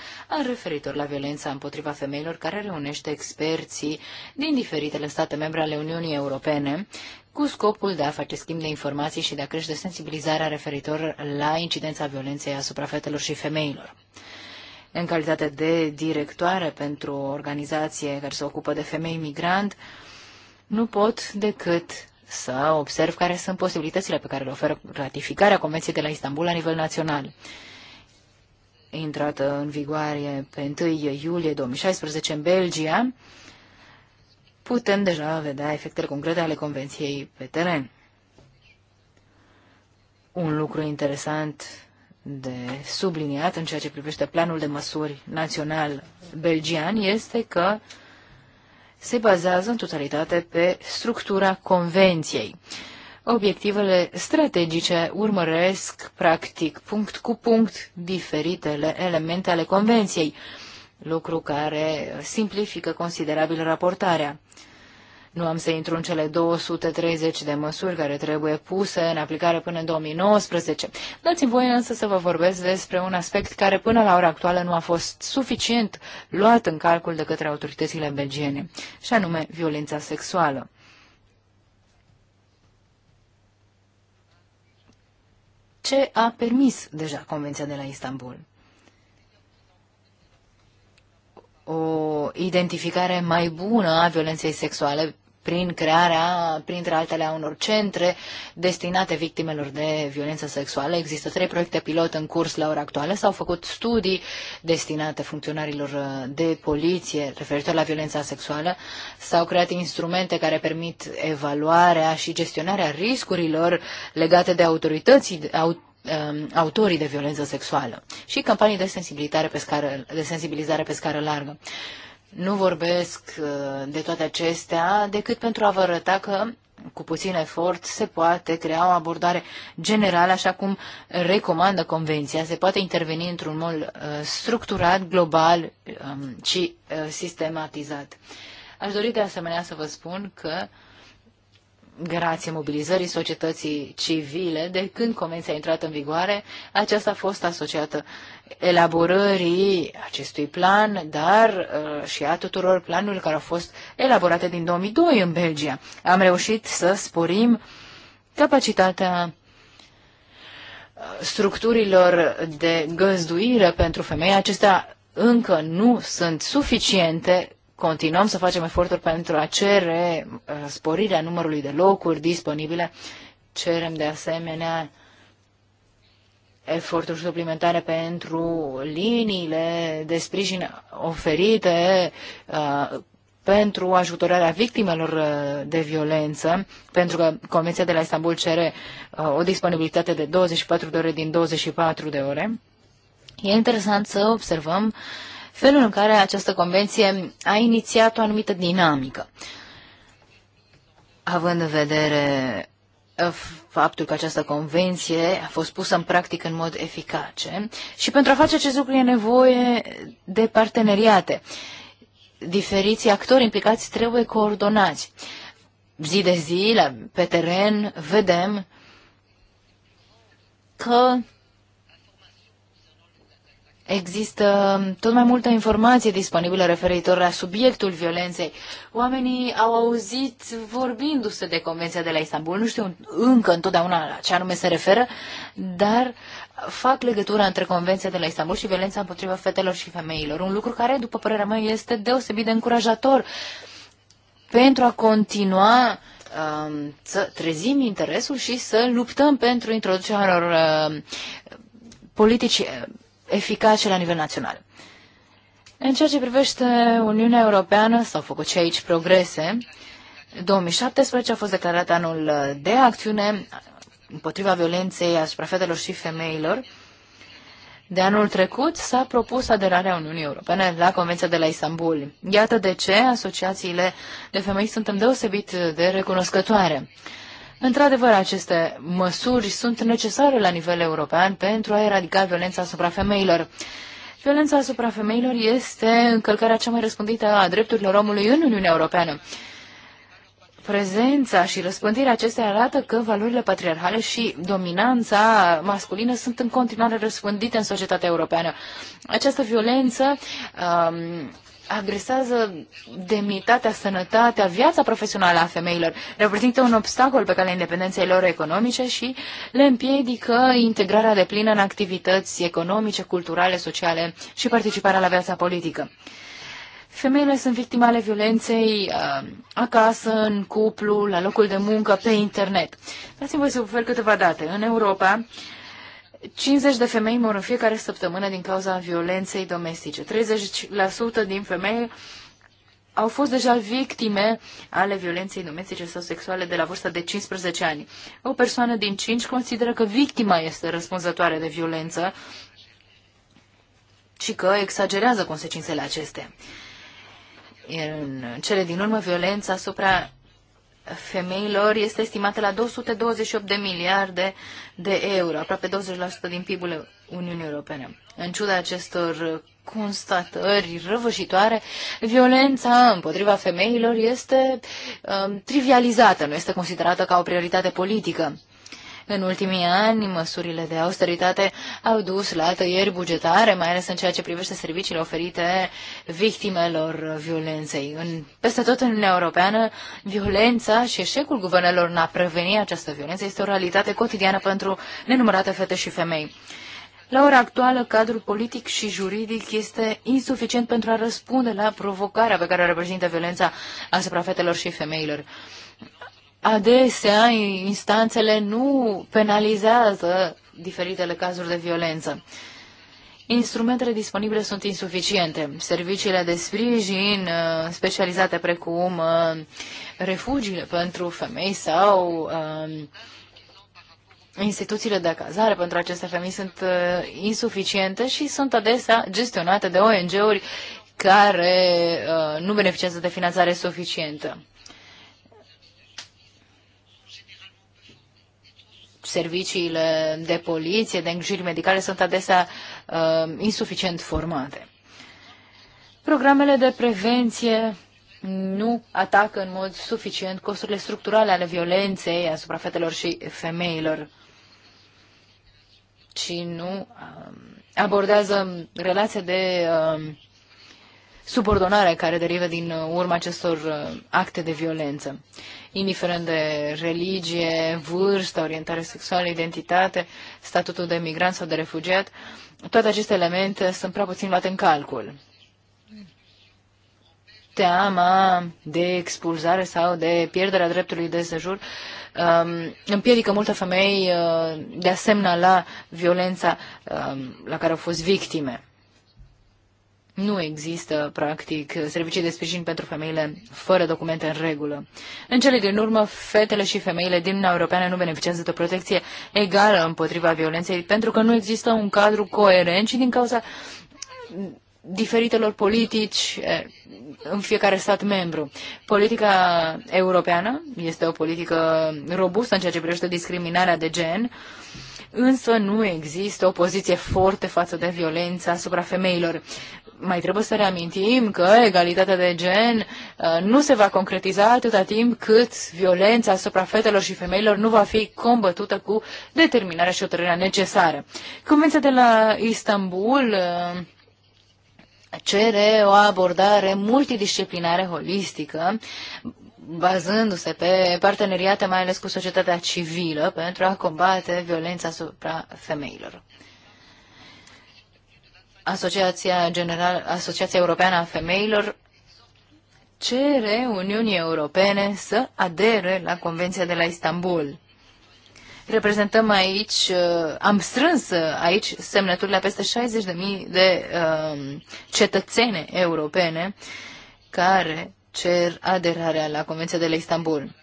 referitor la violența împotriva femeilor, care reunește experții din diferitele state membre ale Uniunii Europene cu scopul de a face schimb de informații și de a crește sensibilizarea referitor la incidența violenței asupra fetelor și femeilor în calitate de directoare pentru o organizație care se ocupă de femei migrant, nu pot decât să observ care sunt posibilitățile pe care le oferă ratificarea Convenției de la Istanbul la nivel național. Intrată în vigoare pe 1 iulie 2016 în Belgia, putem deja vedea efectele concrete ale Convenției pe teren. Un lucru interesant de subliniat în ceea ce privește planul de măsuri național belgian este că se bazează în totalitate pe structura convenției. Obiectivele strategice urmăresc, practic, punct cu punct, diferitele elemente ale convenției, lucru care simplifică considerabil raportarea. Nu am să intru în cele 230 de măsuri care trebuie puse în aplicare până în 2019. Dați-mi voie însă să vă vorbesc despre un aspect care până la ora actuală nu a fost suficient luat în calcul de către autoritățile belgiene, și anume violența sexuală. ce a permis deja Convenția de la Istanbul. O identificare mai bună a violenței sexuale prin crearea, printre altele, a unor centre destinate victimelor de violență sexuală. Există trei proiecte pilot în curs la ora actuală. S-au făcut studii destinate funcționarilor de poliție referitor la violența sexuală. S-au creat instrumente care permit evaluarea și gestionarea riscurilor legate de autorității, um, autorii de violență sexuală și campanii de sensibilizare pe scară, de sensibilizare pe scară largă. Nu vorbesc uh, de toate acestea decât pentru a vă arăta că cu puțin efort se poate crea o abordare generală, așa cum recomandă Convenția. Se poate interveni într-un mod uh, structurat, global um, și uh, sistematizat. Aș dori de asemenea să vă spun că uh, grație mobilizării societății civile, de când convenția a intrat în vigoare, aceasta a fost asociată elaborării acestui plan, dar uh, și a tuturor planurilor care au fost elaborate din 2002 în Belgia. Am reușit să sporim capacitatea uh, structurilor de găzduire pentru femei. Acestea încă nu sunt suficiente continuăm să facem eforturi pentru a cere uh, sporirea numărului de locuri disponibile. Cerem de asemenea eforturi suplimentare pentru liniile de sprijin oferite uh, pentru ajutorarea victimelor uh, de violență, pentru că Convenția de la Istanbul cere uh, o disponibilitate de 24 de ore din 24 de ore. E interesant să observăm uh, felul în care această convenție a inițiat o anumită dinamică. Având în vedere uh, faptul că această convenție a fost pusă în practică în mod eficace și pentru a face acest lucru e nevoie de parteneriate. Diferiții actori implicați trebuie coordonați. Zi de zi, la, pe teren, vedem că Există tot mai multă informație disponibilă referitor la subiectul violenței. Oamenii au auzit vorbindu-se de Convenția de la Istanbul, nu știu încă întotdeauna la ce anume se referă, dar fac legătura între Convenția de la Istanbul și violența împotriva fetelor și femeilor. Un lucru care, după părerea mea, este deosebit de încurajator pentru a continua um, să trezim interesul și să luptăm pentru introducerea unor uh, politici eficace la nivel național. În ceea ce privește Uniunea Europeană, s-au făcut și aici progrese. 2017 a fost declarat anul de acțiune împotriva violenței asupra fetelor și femeilor. De anul trecut s-a propus aderarea Uniunii Europene la Convenția de la Istanbul. Iată de ce asociațiile de femei suntem deosebit de recunoscătoare. Într-adevăr, aceste măsuri sunt necesare la nivel european pentru a eradica violența asupra femeilor. Violența asupra femeilor este încălcarea cea mai răspândită a drepturilor omului în Uniunea Europeană prezența și răspândirea acestea arată că valorile patriarhale și dominanța masculină sunt în continuare răspândite în societatea europeană. Această violență um, agresează demnitatea, sănătatea, viața profesională a femeilor, reprezintă un obstacol pe calea independenței lor economice și le împiedică integrarea de plină în activități economice, culturale, sociale și participarea la viața politică. Femeile sunt victime ale violenței uh, acasă, în cuplu, la locul de muncă, pe internet. Dați-mi voi să ofer câteva date. În Europa, 50 de femei mor în fiecare săptămână din cauza violenței domestice. 30% din femei au fost deja victime ale violenței domestice sau sexuale de la vârsta de 15 ani. O persoană din 5 consideră că victima este răspunzătoare de violență și că exagerează consecințele acestea. În cele din urmă, violența asupra femeilor este estimată la 228 de miliarde de euro, aproape 20% din PIB-ul Uniunii Europene. În ciuda acestor constatări răvășitoare, violența împotriva femeilor este um, trivializată, nu este considerată ca o prioritate politică. În ultimii ani, măsurile de austeritate au dus la tăieri bugetare, mai ales în ceea ce privește serviciile oferite victimelor violenței. În, peste tot în Uniunea Europeană, violența și eșecul guvernelor în a preveni această violență este o realitate cotidiană pentru nenumărate fete și femei. La ora actuală, cadrul politic și juridic este insuficient pentru a răspunde la provocarea pe care o reprezintă violența asupra fetelor și femeilor. Adesea, instanțele nu penalizează diferitele cazuri de violență. Instrumentele disponibile sunt insuficiente. Serviciile de sprijin uh, specializate precum uh, refugiile pentru femei sau um, instituțiile de cazare pentru aceste femei sunt uh, insuficiente și sunt adesea gestionate de ONG-uri care nu beneficiază de finanțare suficientă. serviciile de poliție, de îngrijiri medicale sunt adesea uh, insuficient formate. Programele de prevenție nu atacă în mod suficient costurile structurale ale violenței asupra fetelor și femeilor și nu um, abordează relația de uh, subordonare care derivă din uh, urma acestor uh, acte de violență. Indiferent de religie, vârstă, orientare sexuală, identitate, statutul de migrant sau de refugiat, toate aceste elemente sunt prea puțin luate în calcul. Teama de expulzare sau de pierderea dreptului de sejur um, împiedică multe femei uh, de asemenea la violența um, la care au fost victime nu există, practic, servicii de sprijin pentru femeile fără documente în regulă. În cele din urmă, fetele și femeile din Uniunea Europeană nu beneficiază de o protecție egală împotriva violenței, pentru că nu există un cadru coerent și din cauza diferitelor politici eh, în fiecare stat membru. Politica europeană este o politică robustă în ceea ce privește discriminarea de gen, însă nu există o poziție forte față de violența asupra femeilor mai trebuie să reamintim că egalitatea de gen uh, nu se va concretiza atâta timp cât violența asupra fetelor și femeilor nu va fi combătută cu determinarea și hotărârea necesară. Convenția de la Istanbul uh, cere o abordare multidisciplinară holistică, bazându-se pe parteneriate mai ales cu societatea civilă pentru a combate violența asupra femeilor. Asociația, General, Asociația Europeană a Femeilor cere Uniunii Europene să adere la Convenția de la Istanbul. Reprezentăm aici, uh, am strâns uh, aici semnăturile peste 60.000 de uh, cetățene europene care cer aderarea la Convenția de la Istanbul.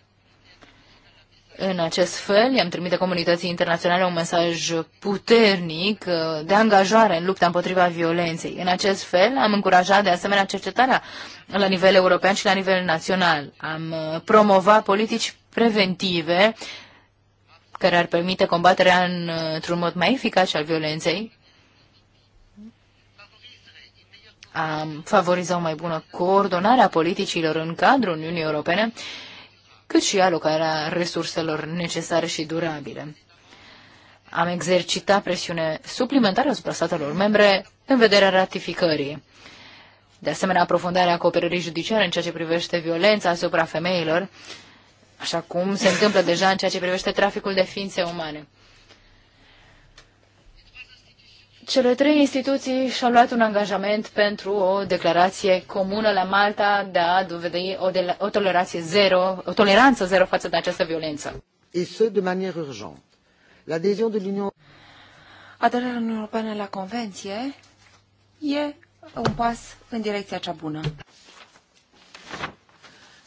În acest fel, i-am de comunității internaționale un mesaj puternic uh, de angajare în lupta împotriva violenței. În acest fel, am încurajat de asemenea cercetarea la nivel european și la nivel național. Am uh, promovat politici preventive care ar permite combaterea uh, într-un mod mai eficace al violenței, Am favorizat o mai bună coordonare a politicilor în cadrul Uniunii Europene cât și alocarea resurselor necesare și durabile. Am exercitat presiune suplimentară asupra statelor membre în vederea ratificării. De asemenea, aprofundarea cooperării judiciare în ceea ce privește violența asupra femeilor, așa cum se întâmplă deja în ceea ce privește traficul de ființe umane. Cele trei instituții și-au luat un angajament pentru o declarație comună la Malta de a dovedi o, de, o, tolerație zero, o toleranță zero față de această violență. Et ce, de manière urgente. L'adhésion de l'Union Aderarea Uniunii Europene la Convenție e un pas în direcția cea bună.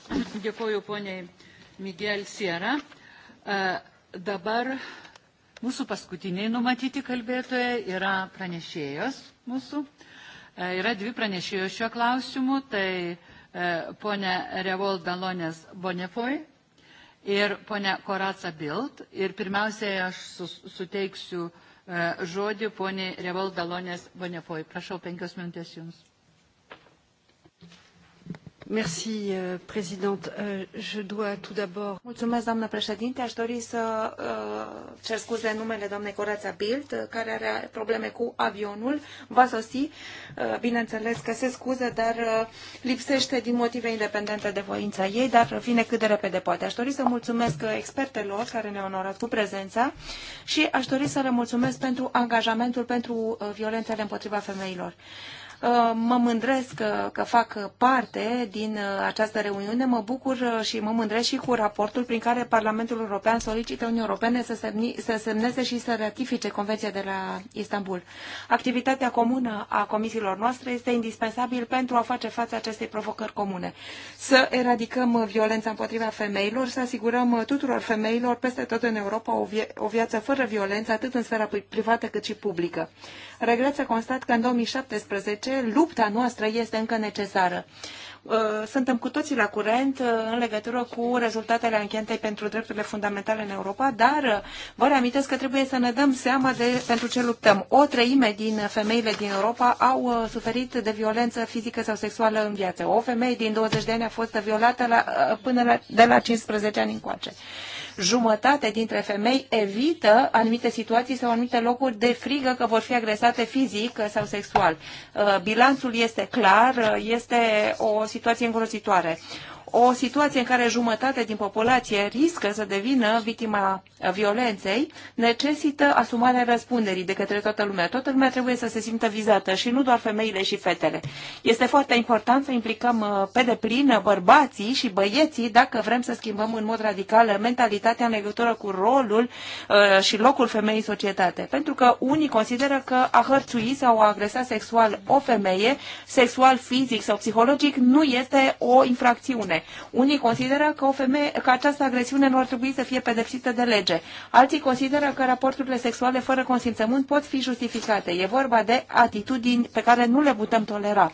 Mulțumesc, Miguel Sierra. Dabar Mūsų paskutiniai numatyti kalbėtoje yra pranešėjos mūsų. Yra dvi pranešėjos šiuo klausimu, tai ponė Revol Dalonės Bonifoj ir ponė Koraca Bild. Ir pirmiausiai aš suteiksiu žodį poniai Revol Dalonės Bonifoj. Prašau, penkios minutės jums. Euh, euh, mulțumesc, doamnă președinte. Aș dori să uh, cer scuze în numele doamnei Corața Bild, uh, care are probleme cu avionul. Va sosi, uh, bineînțeles că se scuze, dar uh, lipsește din motive independente de voința ei, dar vine cât de repede poate. Aș dori să mulțumesc uh, expertelor care ne-au onorat cu prezența și aș dori să le mulțumesc pentru angajamentul pentru uh, violențele împotriva femeilor. Uh, mă mândresc uh, că, fac parte din uh, această reuniune, mă bucur și mă mândresc și cu raportul prin care Parlamentul European solicită Uniunii Europene să, semni, să semneze și să ratifice Convenția de la Istanbul. Activitatea comună a comisiilor noastre este indispensabil pentru a face față acestei provocări comune. Să eradicăm violența împotriva femeilor, să asigurăm tuturor femeilor peste tot în Europa o, vie, o viață fără violență, atât în sfera privată cât și publică. Regret să constat că în 2017 ce lupta noastră este încă necesară uh, suntem cu toții la curent uh, în legătură cu rezultatele anchetei pentru drepturile fundamentale în Europa, dar uh, vă reamintesc că trebuie să ne dăm seama de pentru ce luptăm. O treime din femeile din Europa au suferit de violență fizică sau sexuală în viață. O femeie din 20 de ani a fost violată la, până la, de la 15 ani încoace jumătate dintre femei evită anumite situații sau anumite locuri de frigă că vor fi agresate fizic sau sexual. Uh, bilanțul este clar, uh, este o situație îngrozitoare o situație în care jumătate din populație riscă să devină victima violenței, necesită asumarea răspunderii de către toată lumea. Toată lumea trebuie să se simtă vizată și nu doar femeile și fetele. Este foarte important să implicăm uh, pe deplin bărbații și băieții dacă vrem să schimbăm în mod radical mentalitatea în legătură cu rolul uh, și locul femeii în societate. Pentru că unii consideră că a hărțui sau a agresa sexual o femeie, sexual, fizic sau psihologic, nu este o infracțiune unii consideră că, o femeie, că această agresiune nu ar trebui să fie pedepsită de lege. Alții consideră că raporturile sexuale fără consimțământ pot fi justificate. E vorba de atitudini pe care nu le putem tolera.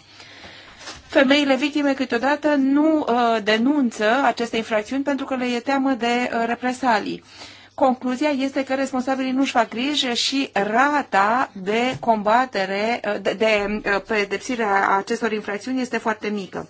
Femeile victime câteodată nu uh, denunță aceste infracțiuni pentru că le e teamă de uh, represalii. Concluzia este că responsabilii nu-și fac grijă și rata de combatere, uh, de, de uh, pedepsire a acestor infracțiuni este foarte mică.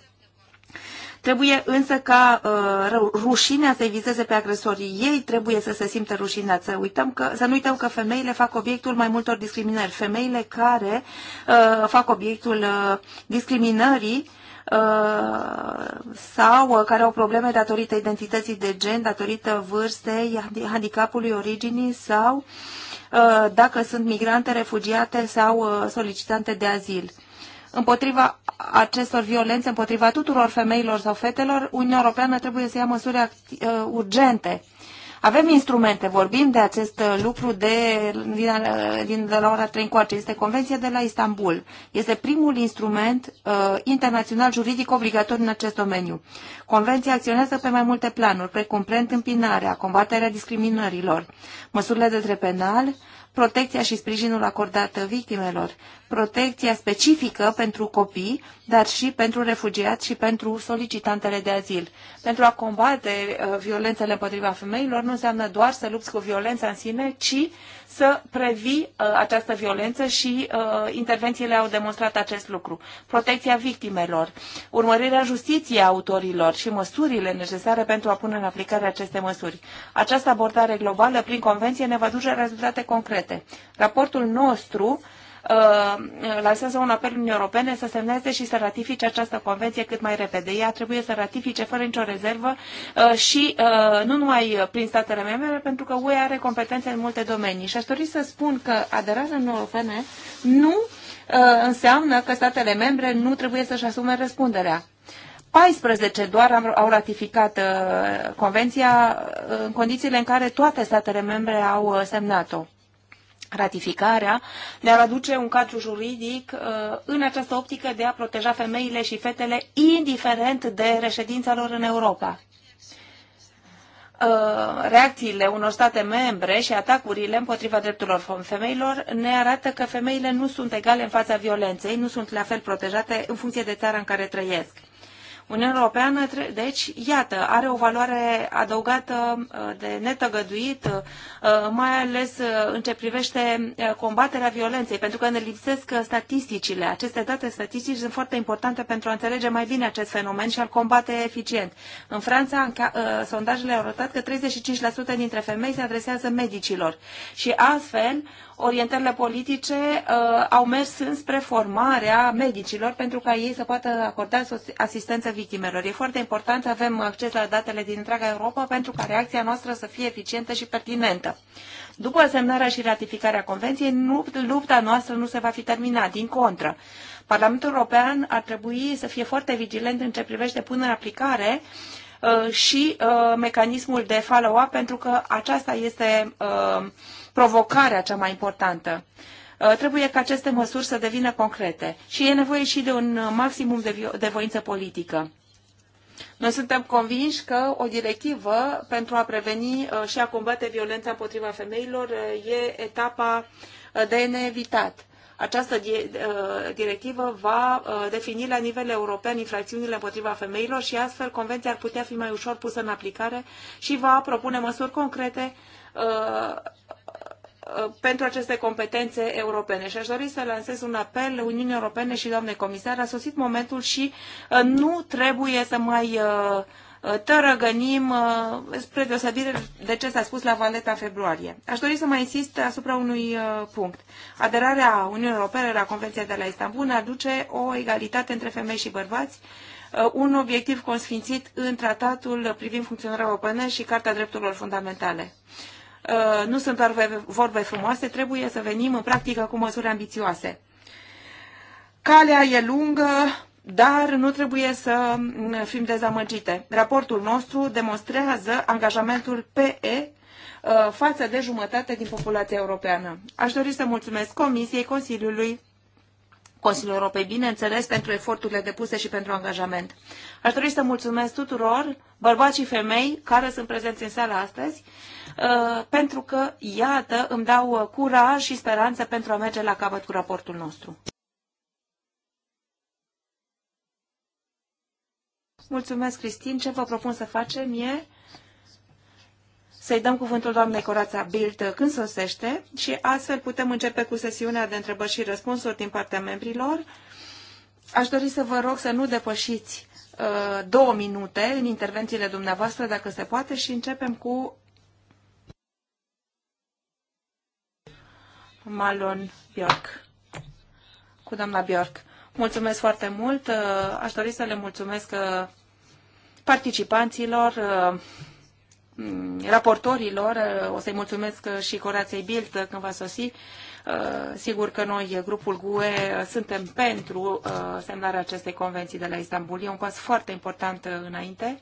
Trebuie însă ca uh, rușinea să-i vizeze pe agresorii ei, trebuie să se simtă rușinea. Să, uităm că, să nu uităm că femeile fac obiectul mai multor discriminări. Femeile care uh, fac obiectul uh, discriminării uh, sau uh, care au probleme datorită identității de gen, datorită vârstei, handicapului, originii sau uh, dacă sunt migrante, refugiate sau solicitante de azil împotriva acestor violențe, împotriva tuturor femeilor sau fetelor, Uniunea Europeană trebuie să ia măsuri uh, urgente. Avem instrumente, vorbim de acest uh, lucru de, din, uh, din, de la ora 3 încoace. Este Convenția de la Istanbul. Este primul instrument uh, internațional juridic obligatoriu în acest domeniu. Convenția acționează pe mai multe planuri, precum preîntâmpinarea, combaterea discriminărilor, măsurile de drept penal, protecția și sprijinul acordat victimelor, protecția specifică pentru copii, dar și pentru refugiați și pentru solicitantele de azil. Pentru a combate uh, violențele împotriva femeilor nu înseamnă doar să lupți cu violența în sine, ci să previi uh, această violență și uh, intervențiile au demonstrat acest lucru. Protecția victimelor, urmărirea justiției autorilor și măsurile necesare pentru a pune în aplicare aceste măsuri. Această abordare globală prin convenție ne va duce rezultate concrete. Raportul nostru Uh, lansează un apel Uniunii Europene să semneze și să ratifice această convenție cât mai repede. Ea trebuie să ratifice fără nicio rezervă uh, și uh, nu numai prin statele membre, pentru că UE are competențe în multe domenii. Și aș dori să spun că aderarea Uniunii Europene nu înseamnă că statele membre nu trebuie să-și asume răspunderea. 14 doar au ratificat convenția în condițiile în care toate statele membre au semnat-o ratificarea de a aduce un cadru juridic uh, în această optică de a proteja femeile și fetele indiferent de reședința lor în Europa uh, reacțiile unor state membre și atacurile împotriva drepturilor femeilor ne arată că femeile nu sunt egale în fața violenței, nu sunt la fel protejate în funcție de țara în care trăiesc. Uniunea Europeană, deci, iată, are o valoare adăugată uh, de netăgăduit, uh, uh, mai ales în ce privește combaterea violenței, pentru că ne lipsesc statisticile. Aceste date statistici sunt foarte importante pentru a înțelege mai bine acest fenomen și a-l combate eficient. În Franța, sondajele au arătat că 35% dintre femei se adresează medicilor și astfel orientările politice uh, au mers înspre formarea medicilor pentru ca ei să poată acorda asistență victimelor. E foarte important să avem acces la datele din întreaga Europa pentru ca reacția noastră să fie eficientă și pertinentă. După semnarea și ratificarea convenției, nu, lupta noastră nu se va fi terminat, din contră. Parlamentul European ar trebui să fie foarte vigilent în ce privește punerea în aplicare uh, și uh, mecanismul de follow-up, pentru că aceasta este uh, provocarea cea mai importantă. Uh, trebuie ca aceste măsuri să devină concrete și e nevoie și de un maximum de, de voință politică. Noi suntem convinși că o directivă pentru a preveni uh, și a combate violența împotriva femeilor uh, e etapa de neevitat. Această directivă va defini la nivel european infracțiunile împotriva femeilor și astfel convenția ar putea fi mai ușor pusă în aplicare și va propune măsuri concrete Uh, pentru aceste competențe europene. Și aș dori să lansez un apel Uniunii Europene și doamne comisar, a sosit momentul și uh, nu trebuie să mai uh, tărăgănim spre deosebire de ce s-a spus la Valeta în februarie. Aș dori să mai insist asupra unui punct. Aderarea Uniunii Europene la Convenția de la Istanbul aduce o egalitate între femei și bărbați, un obiectiv consfințit în tratatul privind funcționarea europeană și Carta Drepturilor Fundamentale. Uh, nu sunt doar vorbe frumoase, trebuie să venim în practică cu măsuri ambițioase. Calea e lungă, dar nu trebuie să mm, fim dezamăgite. Raportul nostru demonstrează angajamentul PE uh, față de jumătate din populația europeană. Aș dori să mulțumesc Comisiei, Consiliului Consiliul Europei, bineînțeles, pentru eforturile depuse și pentru angajament. Aș dori să mulțumesc tuturor, bărbați și femei, care sunt prezenți în seara astăzi, uh, pentru că, iată, îmi dau uh, curaj și speranță pentru a merge la capăt cu raportul nostru. Mulțumesc, Cristin. Ce vă propun să facem e să-i dăm cuvântul doamnei Corața Bilt când sosește și astfel putem începe cu sesiunea de întrebări și răspunsuri din partea membrilor. Aș dori să vă rog să nu depășiți uh, două minute în intervențiile dumneavoastră, dacă se poate, și începem cu Malon Bjork. Cu doamna Bjork. Mulțumesc foarte mult. Uh, aș dori să le mulțumesc uh, participanților uh, Mm, raportorilor, uh, o să-i mulțumesc uh, și corației bilt uh, când va sosi, sigur că noi, grupul GUE, suntem pentru semnarea acestei convenții de la Istanbul. E un pas foarte important înainte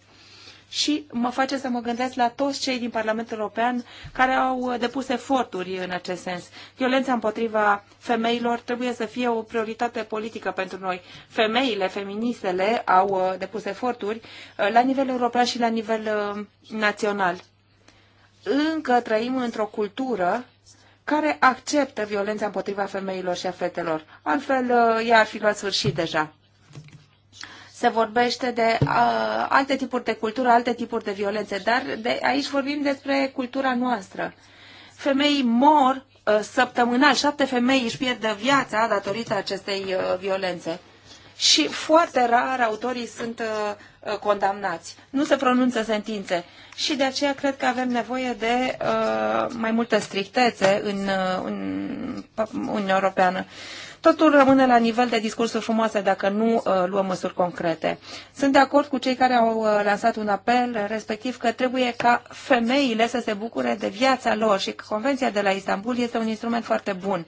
și mă face să mă gândesc la toți cei din Parlamentul European care au depus eforturi în acest sens. Violența împotriva femeilor trebuie să fie o prioritate politică pentru noi. Femeile, feministele au uh, depus eforturi uh, la nivel european și la nivel uh, național. Încă trăim într-o cultură care acceptă violența împotriva femeilor și a fetelor. Altfel, ea ar fi luat sfârșit deja se vorbește de uh, alte tipuri de cultură, alte tipuri de violențe, dar de, aici vorbim despre cultura noastră. Femei mor uh, săptămânal, șapte femei își pierd viața datorită acestei uh, violențe. Și foarte rar autorii sunt uh, condamnați. Nu se pronunță sentințe. Și de aceea cred că avem nevoie de uh, mai multă strictețe în, uh, în Uniunea Europeană. Uh, totul rămâne la nivel de discursuri frumoase dacă nu uh, luăm măsuri concrete. Sunt de acord cu cei care au uh, lansat un apel, respectiv că trebuie ca femeile să se bucure de viața lor și că Convenția de la Istanbul este un instrument foarte bun.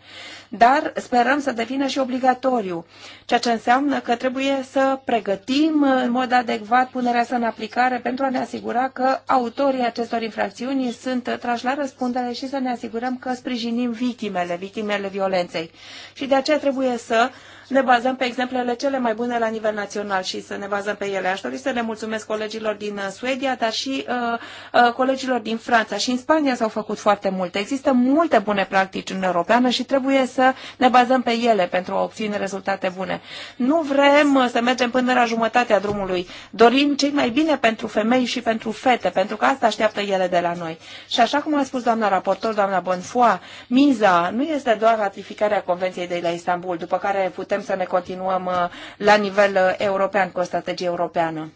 Dar sperăm să devină și obligatoriu, ceea ce înseamnă că trebuie să pregătim uh, în mod adecvat punerea sa în aplicare pentru a ne asigura că autorii acestor infracțiuni sunt trași la răspundere și să ne asigurăm că sprijinim victimele, victimele violenței. Și de aceea trebuie să ne bazăm pe exemplele cele mai bune la nivel național și să ne bazăm pe ele. Aș dori să le mulțumesc colegilor din uh, Suedia, dar și uh, uh, colegilor din Franța. Și în Spania s-au făcut foarte multe. Există multe bune practici în Europeană și trebuie să ne bazăm pe ele pentru a obține rezultate bune. Nu vrem uh, să mergem până la jumătatea drumului. Dorim cei mai bine pentru femei și pentru fete, pentru că asta așteaptă ele de la noi. Și așa cum a spus doamna raportor, doamna Bonfoa, miza nu este doar ratificarea Convenției de la Istanbul, după care putem putem să ne continuăm uh, la nivel uh, european cu o strategie europeană.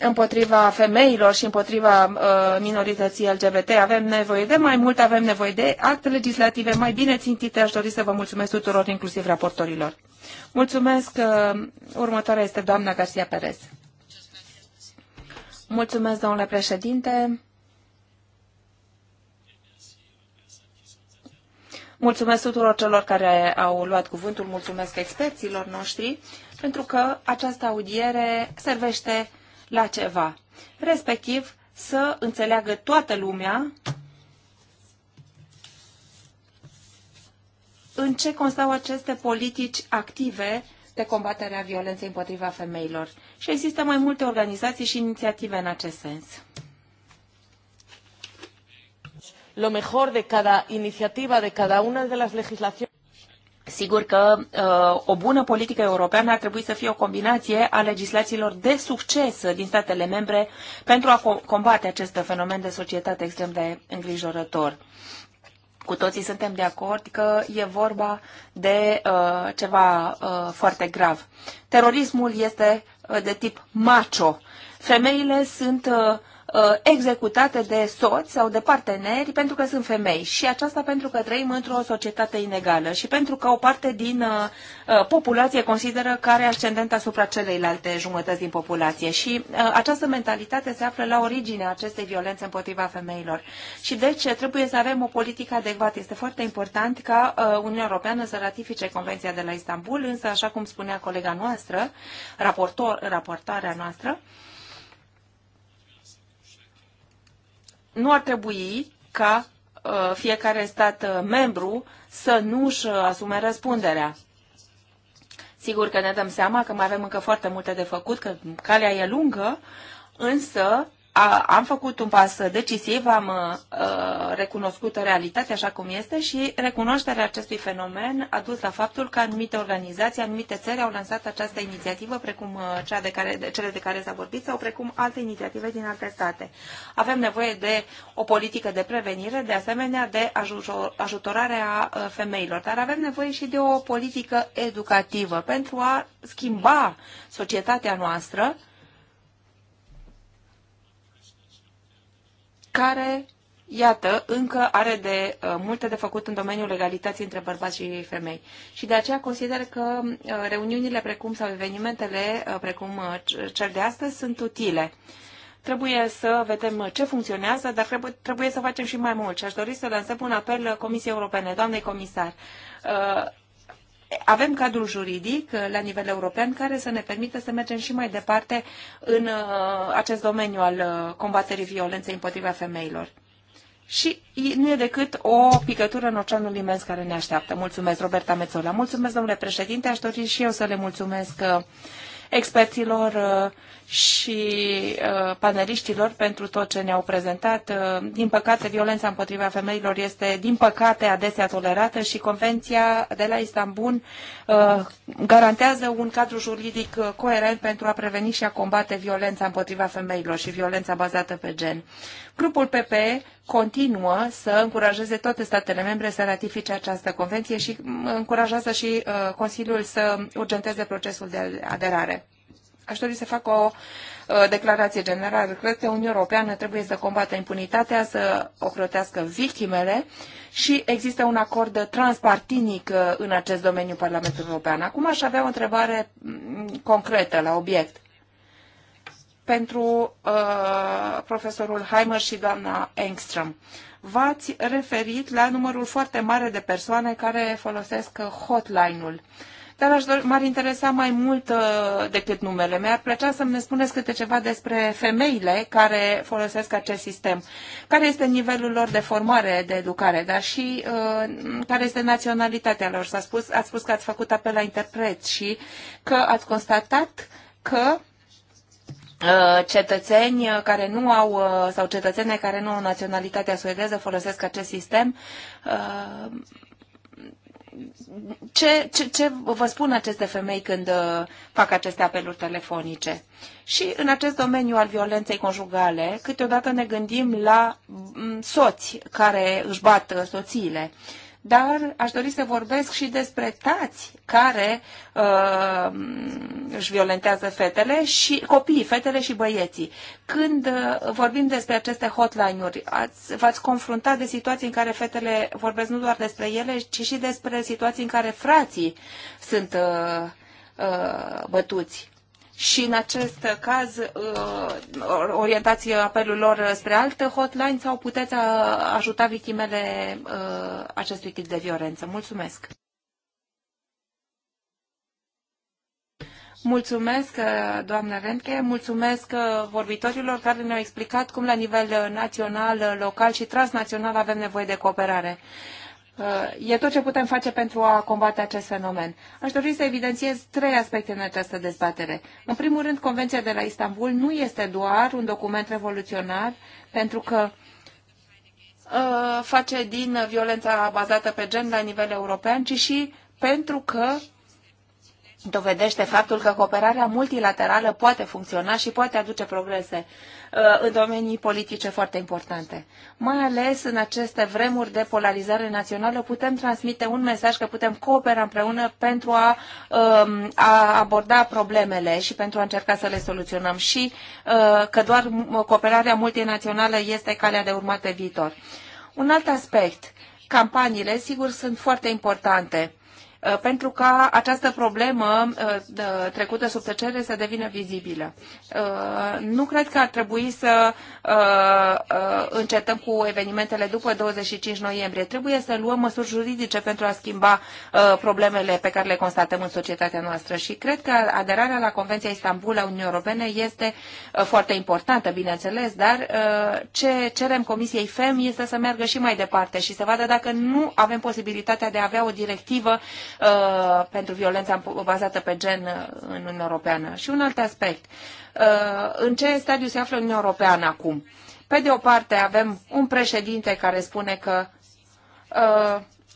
împotriva femeilor și împotriva uh, minorității LGBT. Avem nevoie de mai mult, avem nevoie de acte legislative mai bine țintite. Aș dori să vă mulțumesc tuturor, inclusiv raportorilor. Mulțumesc. Uh, următoarea este doamna Garcia Perez. Mulțumesc, domnule președinte. Mulțumesc tuturor celor care au luat cuvântul, mulțumesc experților noștri, pentru că această audiere servește la ceva, respectiv să înțeleagă toată lumea în ce constau aceste politici active de combatere a violenței împotriva femeilor. Și există mai multe organizații și inițiative în acest sens lo mejor de cada iniciativa, de cada una de las legislaciones. Sigur că uh, o bună politică europeană ar trebui să fie o combinație a legislațiilor de succes din statele membre pentru a co combate acest fenomen de societate extrem de îngrijorător. Cu toții suntem de acord că e vorba de uh, ceva uh, foarte grav. Terorismul este uh, de tip macho. Femeile sunt uh, Uh, executate de soți sau de parteneri pentru că sunt femei și aceasta pentru că trăim într-o societate inegală și pentru că o parte din uh, uh, populație consideră că are ascendent asupra celeilalte jumătăți din populație și această mentalitate se află la originea acestei violențe împotriva femeilor și deci trebuie să avem o politică adecvată. Este foarte important ca Uniunea Europeană să ratifice Convenția de la Istanbul, însă, așa cum spunea colega noastră, raportor, raportarea noastră, nu ar trebui ca uh, fiecare stat uh, membru să nu își uh, asume răspunderea. Sigur că ne dăm seama că mai avem încă foarte multe de făcut, că calea e lungă, însă a, am făcut un pas decisiv, am a, uh, recunoscut realitatea așa cum este și recunoașterea acestui fenomen a dus la faptul că anumite organizații, anumite țări au lansat această inițiativă, precum uh, cea de care, de, cele de care s-a vorbit, sau precum alte inițiative din alte state. Avem nevoie de o politică de prevenire, de asemenea de ajutorare a uh, femeilor, dar avem nevoie și de o politică educativă pentru a schimba societatea noastră care, iată, încă are de uh, multe de făcut în domeniul legalității între bărbați și femei. Și de aceea consider că uh, reuniunile precum sau evenimentele uh, precum uh, cel de astăzi sunt utile. Trebuie să vedem ce funcționează, dar trebuie, trebuie să facem și mai mult. Și aș dori să lansăm un apel Comisiei Europene, doamnei comisar. Uh, avem cadrul juridic uh, la nivel european care să ne permită să mergem și mai departe în uh, acest domeniu al uh, combaterii violenței împotriva femeilor. Și nu e decât o picătură în oceanul imens care ne așteaptă. Mulțumesc, Roberta Mețola. Mulțumesc, domnule președinte. Aș dori și eu să le mulțumesc experților uh, și uh, paneliștilor pentru tot ce ne-au prezentat. Uh, din păcate, violența împotriva femeilor este, din păcate, adesea tolerată și Convenția de la Istanbul garantează un cadru juridic coerent pentru a preveni și a combate violența împotriva femeilor și violența bazată pe gen. Grupul PPE continuă să încurajeze toate statele membre să ratifice această convenție și mm, încurajează și uh, Consiliul să urgenteze procesul de aderare. Aș dori să fac o uh, declarație generală. Cred că Uniunea Europeană trebuie să combată impunitatea, să ocrotească victimele și există un acord transpartinic uh, în acest domeniu Parlamentului European. Acum aș avea o întrebare mm, concretă la obiect pentru uh, profesorul Heimer și doamna Engström. V-ați referit la numărul foarte mare de persoane care folosesc hotline-ul. Dar aș dori, m-ar interesa mai mult uh, decât numele. Mi-ar plăcea să-mi ne spuneți câte ceva despre femeile care folosesc acest sistem. Care este nivelul lor de formare, de educare, dar și uh, care este naționalitatea lor. S-a spus, ați spus că ați făcut apel la interpret și că ați constatat că Uh, cetățeni care nu au uh, sau cetățene care nu au naționalitatea suedeză folosesc acest sistem. Uh, ce, ce, ce vă spun aceste femei când fac aceste apeluri telefonice? Și în acest domeniu al violenței conjugale, câteodată ne gândim la mm, soți care își bat soțiile. Uh, dar aș dori să vorbesc și despre tați care uh, își violentează fetele și copiii, fetele și băieții. Când uh, vorbim despre aceste hotline-uri, v-ați confruntat de situații în care fetele vorbesc nu doar despre ele, ci și despre situații în care frații sunt uh, uh, bătuți și în acest caz uh, orientați apelul lor spre altă hotline sau puteți ajuta victimele uh, acestui tip de violență. Mulțumesc! Mulțumesc, uh, doamnă Renke, mulțumesc vorbitorilor care ne-au explicat cum la nivel național, local și transnațional avem nevoie de cooperare e tot ce putem face pentru a combate acest fenomen. Aș dori să evidențiez trei aspecte în această dezbatere. În primul rând, Convenția de la Istanbul nu este doar un document revoluționar, pentru că ă, face din violența bazată pe gen la nivel european, ci și pentru că dovedește faptul că cooperarea multilaterală poate funcționa și poate aduce progrese uh, în domenii politice foarte importante. Mai ales în aceste vremuri de polarizare națională putem transmite un mesaj că putem coopera împreună pentru a, um, a aborda problemele și pentru a încerca să le soluționăm și uh, că doar cooperarea multinațională este calea de urmat pe viitor. Un alt aspect, campaniile, sigur, sunt foarte importante Uh, pentru ca această problemă uh, trecută sub tăcere să devină vizibilă. Uh, nu cred că ar trebui să încetăm cu evenimentele după 25 noiembrie. Trebuie să luăm măsuri juridice pentru a schimba problemele pe care le constatăm în societatea noastră și cred că aderarea la Convenția Istanbul a Uniunii Europene este foarte importantă, bineînțeles, dar ce cerem Comisiei FEM este să meargă și mai departe și să vadă dacă nu avem posibilitatea de a avea o directivă Uh, pentru violența bazată pe gen uh, în Uniunea Europeană. Și un alt aspect. Uh, în ce stadiu se află Uniunea Europeană acum? Pe de o parte avem un președinte care spune că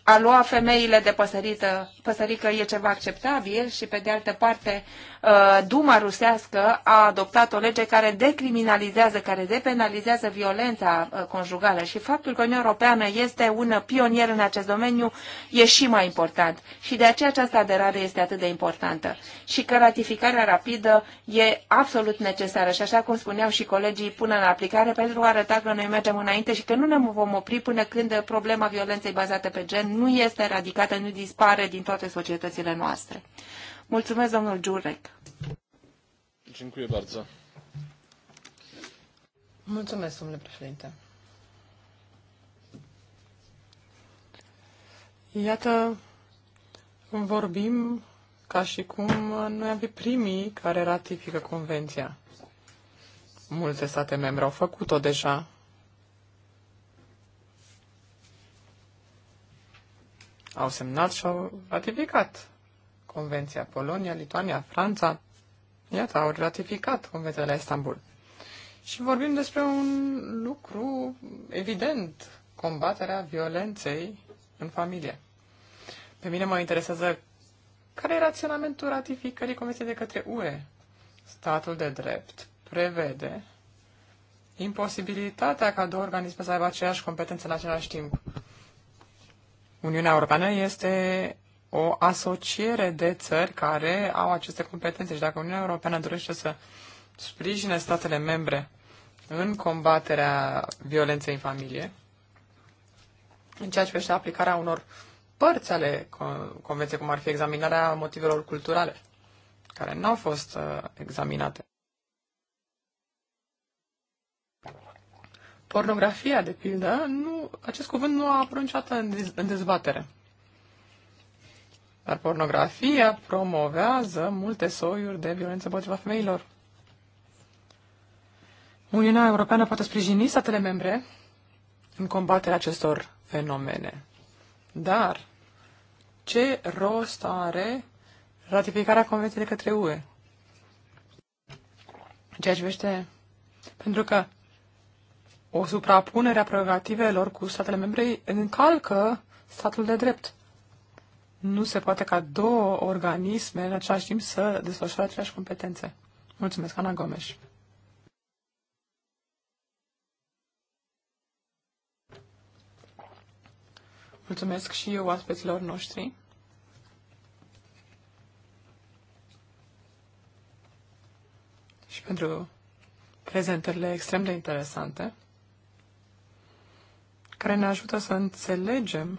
a lua femeile de păsărită, păsărică e ceva acceptabil și, pe de altă parte, uh, Duma rusească a adoptat o lege care decriminalizează, care depenalizează violența uh, conjugală și faptul că Uniunea Europeană este un pionier în acest domeniu e și mai important și de aceea această aderare este atât de importantă și că ratificarea rapidă e absolut necesară și, așa cum spuneau și colegii, până în aplicare pentru a arăta că noi mergem înainte și că nu ne vom opri până când problema violenței bazate pe gen nu este eradicată, nu dispare din toate societățile noastre. Mulțumesc, domnul Giurec. Dziękuję bardzo. Mulțumesc, domnule președinte. Iată, vorbim ca și cum noi am fi primii care ratifică convenția. Multe state membre au făcut-o deja au semnat și au ratificat Convenția Polonia, Lituania, Franța, iată, au ratificat Convenția de la Istanbul. Și vorbim despre un lucru evident, combaterea violenței în familie. Pe mine mă interesează care e raționamentul ratificării Convenției de către UE. Statul de drept prevede imposibilitatea ca două organisme să aibă aceeași competență în același timp. Uniunea Europeană este o asociere de țări care au aceste competențe și dacă Uniunea Europeană dorește să sprijine statele membre în combaterea violenței în familie, în ceea ce privește aplicarea unor părți ale convenției, cum ar fi examinarea motivelor culturale, care nu au fost uh, examinate. pornografia, de pildă, nu, acest cuvânt nu a apărut niciodată în, dez, în dezbatere. Dar pornografia promovează multe soiuri de violență împotriva femeilor. Uniunea Europeană poate sprijini statele membre în combaterea acestor fenomene. Dar ce rost are ratificarea convenției de către UE? Ceea ce vește... Pentru că o suprapunere a prerogativelor cu statele membre încalcă statul de drept. Nu se poate ca două organisme în același timp să desfășoare aceleași competențe. Mulțumesc, Ana Gomes. Mulțumesc și eu aspeților noștri. Și pentru prezentările extrem de interesante care ne ajută să înțelegem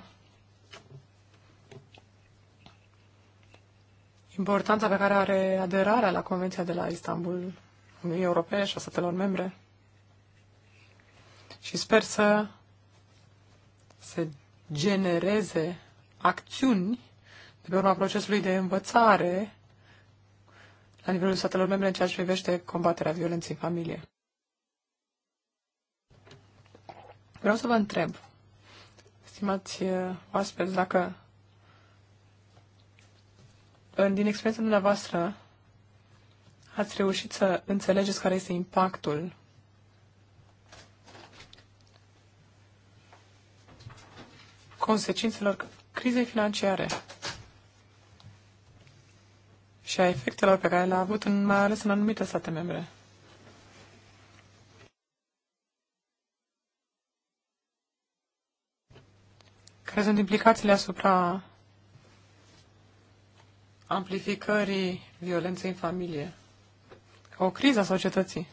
importanța pe care are aderarea la Convenția de la Istanbul Uniunii Europene și a statelor membre. Și sper să se genereze acțiuni de pe urma procesului de învățare la nivelul statelor membre în ceea ce privește combaterea violenței în familie. Vreau să vă întreb, stimați uh, oaspeți, dacă din experiența dumneavoastră ați reușit să înțelegeți care este impactul consecințelor crizei financiare și a efectelor pe care le-a avut în, mai ales în anumite state membre. Care sunt implicațiile asupra amplificării violenței în familie? O criză a societății.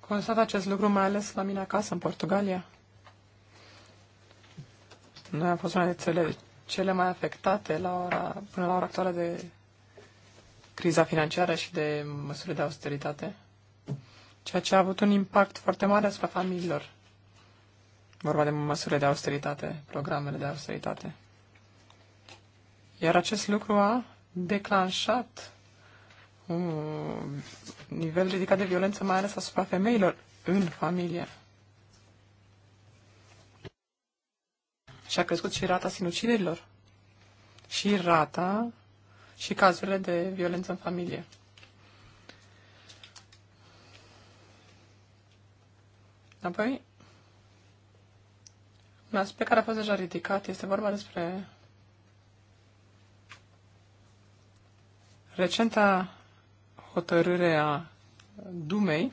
Constat acest lucru mai ales la mine acasă, în Portugalia. Noi am fost una dintre cele, cele mai afectate la ora, până la ora actuală de criza financiară și de măsurile de austeritate, ceea ce a avut un impact foarte mare asupra familiilor vorba de măsurile de austeritate, programele de austeritate. Iar acest lucru a declanșat un nivel ridicat de violență, mai ales asupra femeilor în familie. Și a crescut și rata sinuciderilor. Și rata și cazurile de violență în familie. Apoi, un aspect care a fost deja ridicat. Este vorba despre recenta hotărâre a Dumei,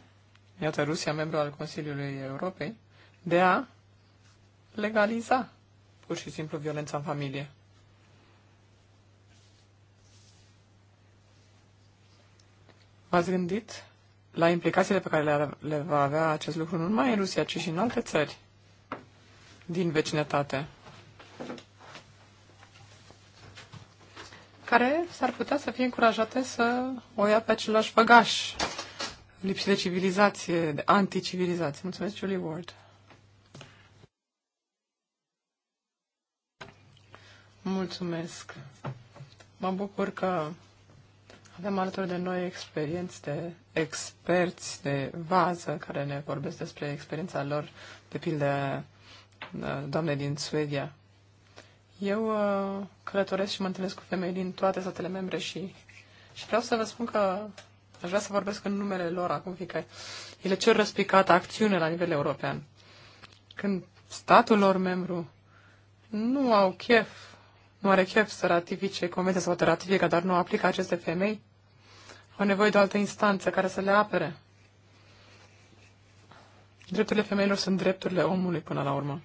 iată Rusia, membru al Consiliului Europei, de a legaliza pur și simplu violența în familie. V-ați gândit la implicațiile pe care le, le va avea acest lucru nu numai în Rusia, ci și în alte țări? din vecinătate, care s-ar putea să fie încurajate să o ia pe același făgaș lipsi de civilizație, de anticivilizație. Mulțumesc, Julie Ward. Mulțumesc. Mă bucur că avem alături de noi experienți de experți de vază care ne vorbesc despre experiența lor, de pildă doamnei din Suedia. Eu uh, călătoresc și mă întâlnesc cu femei din toate statele membre și, și vreau să vă spun că aș vrea să vorbesc în numele lor acum, fiindcă ele cer răspicată acțiune la nivel european. Când statul lor membru nu au chef, nu are chef să ratifice convenția sau să ratifică, dar nu aplică aceste femei, au nevoie de o altă instanță care să le apere. Drepturile femeilor sunt drepturile omului până la urmă.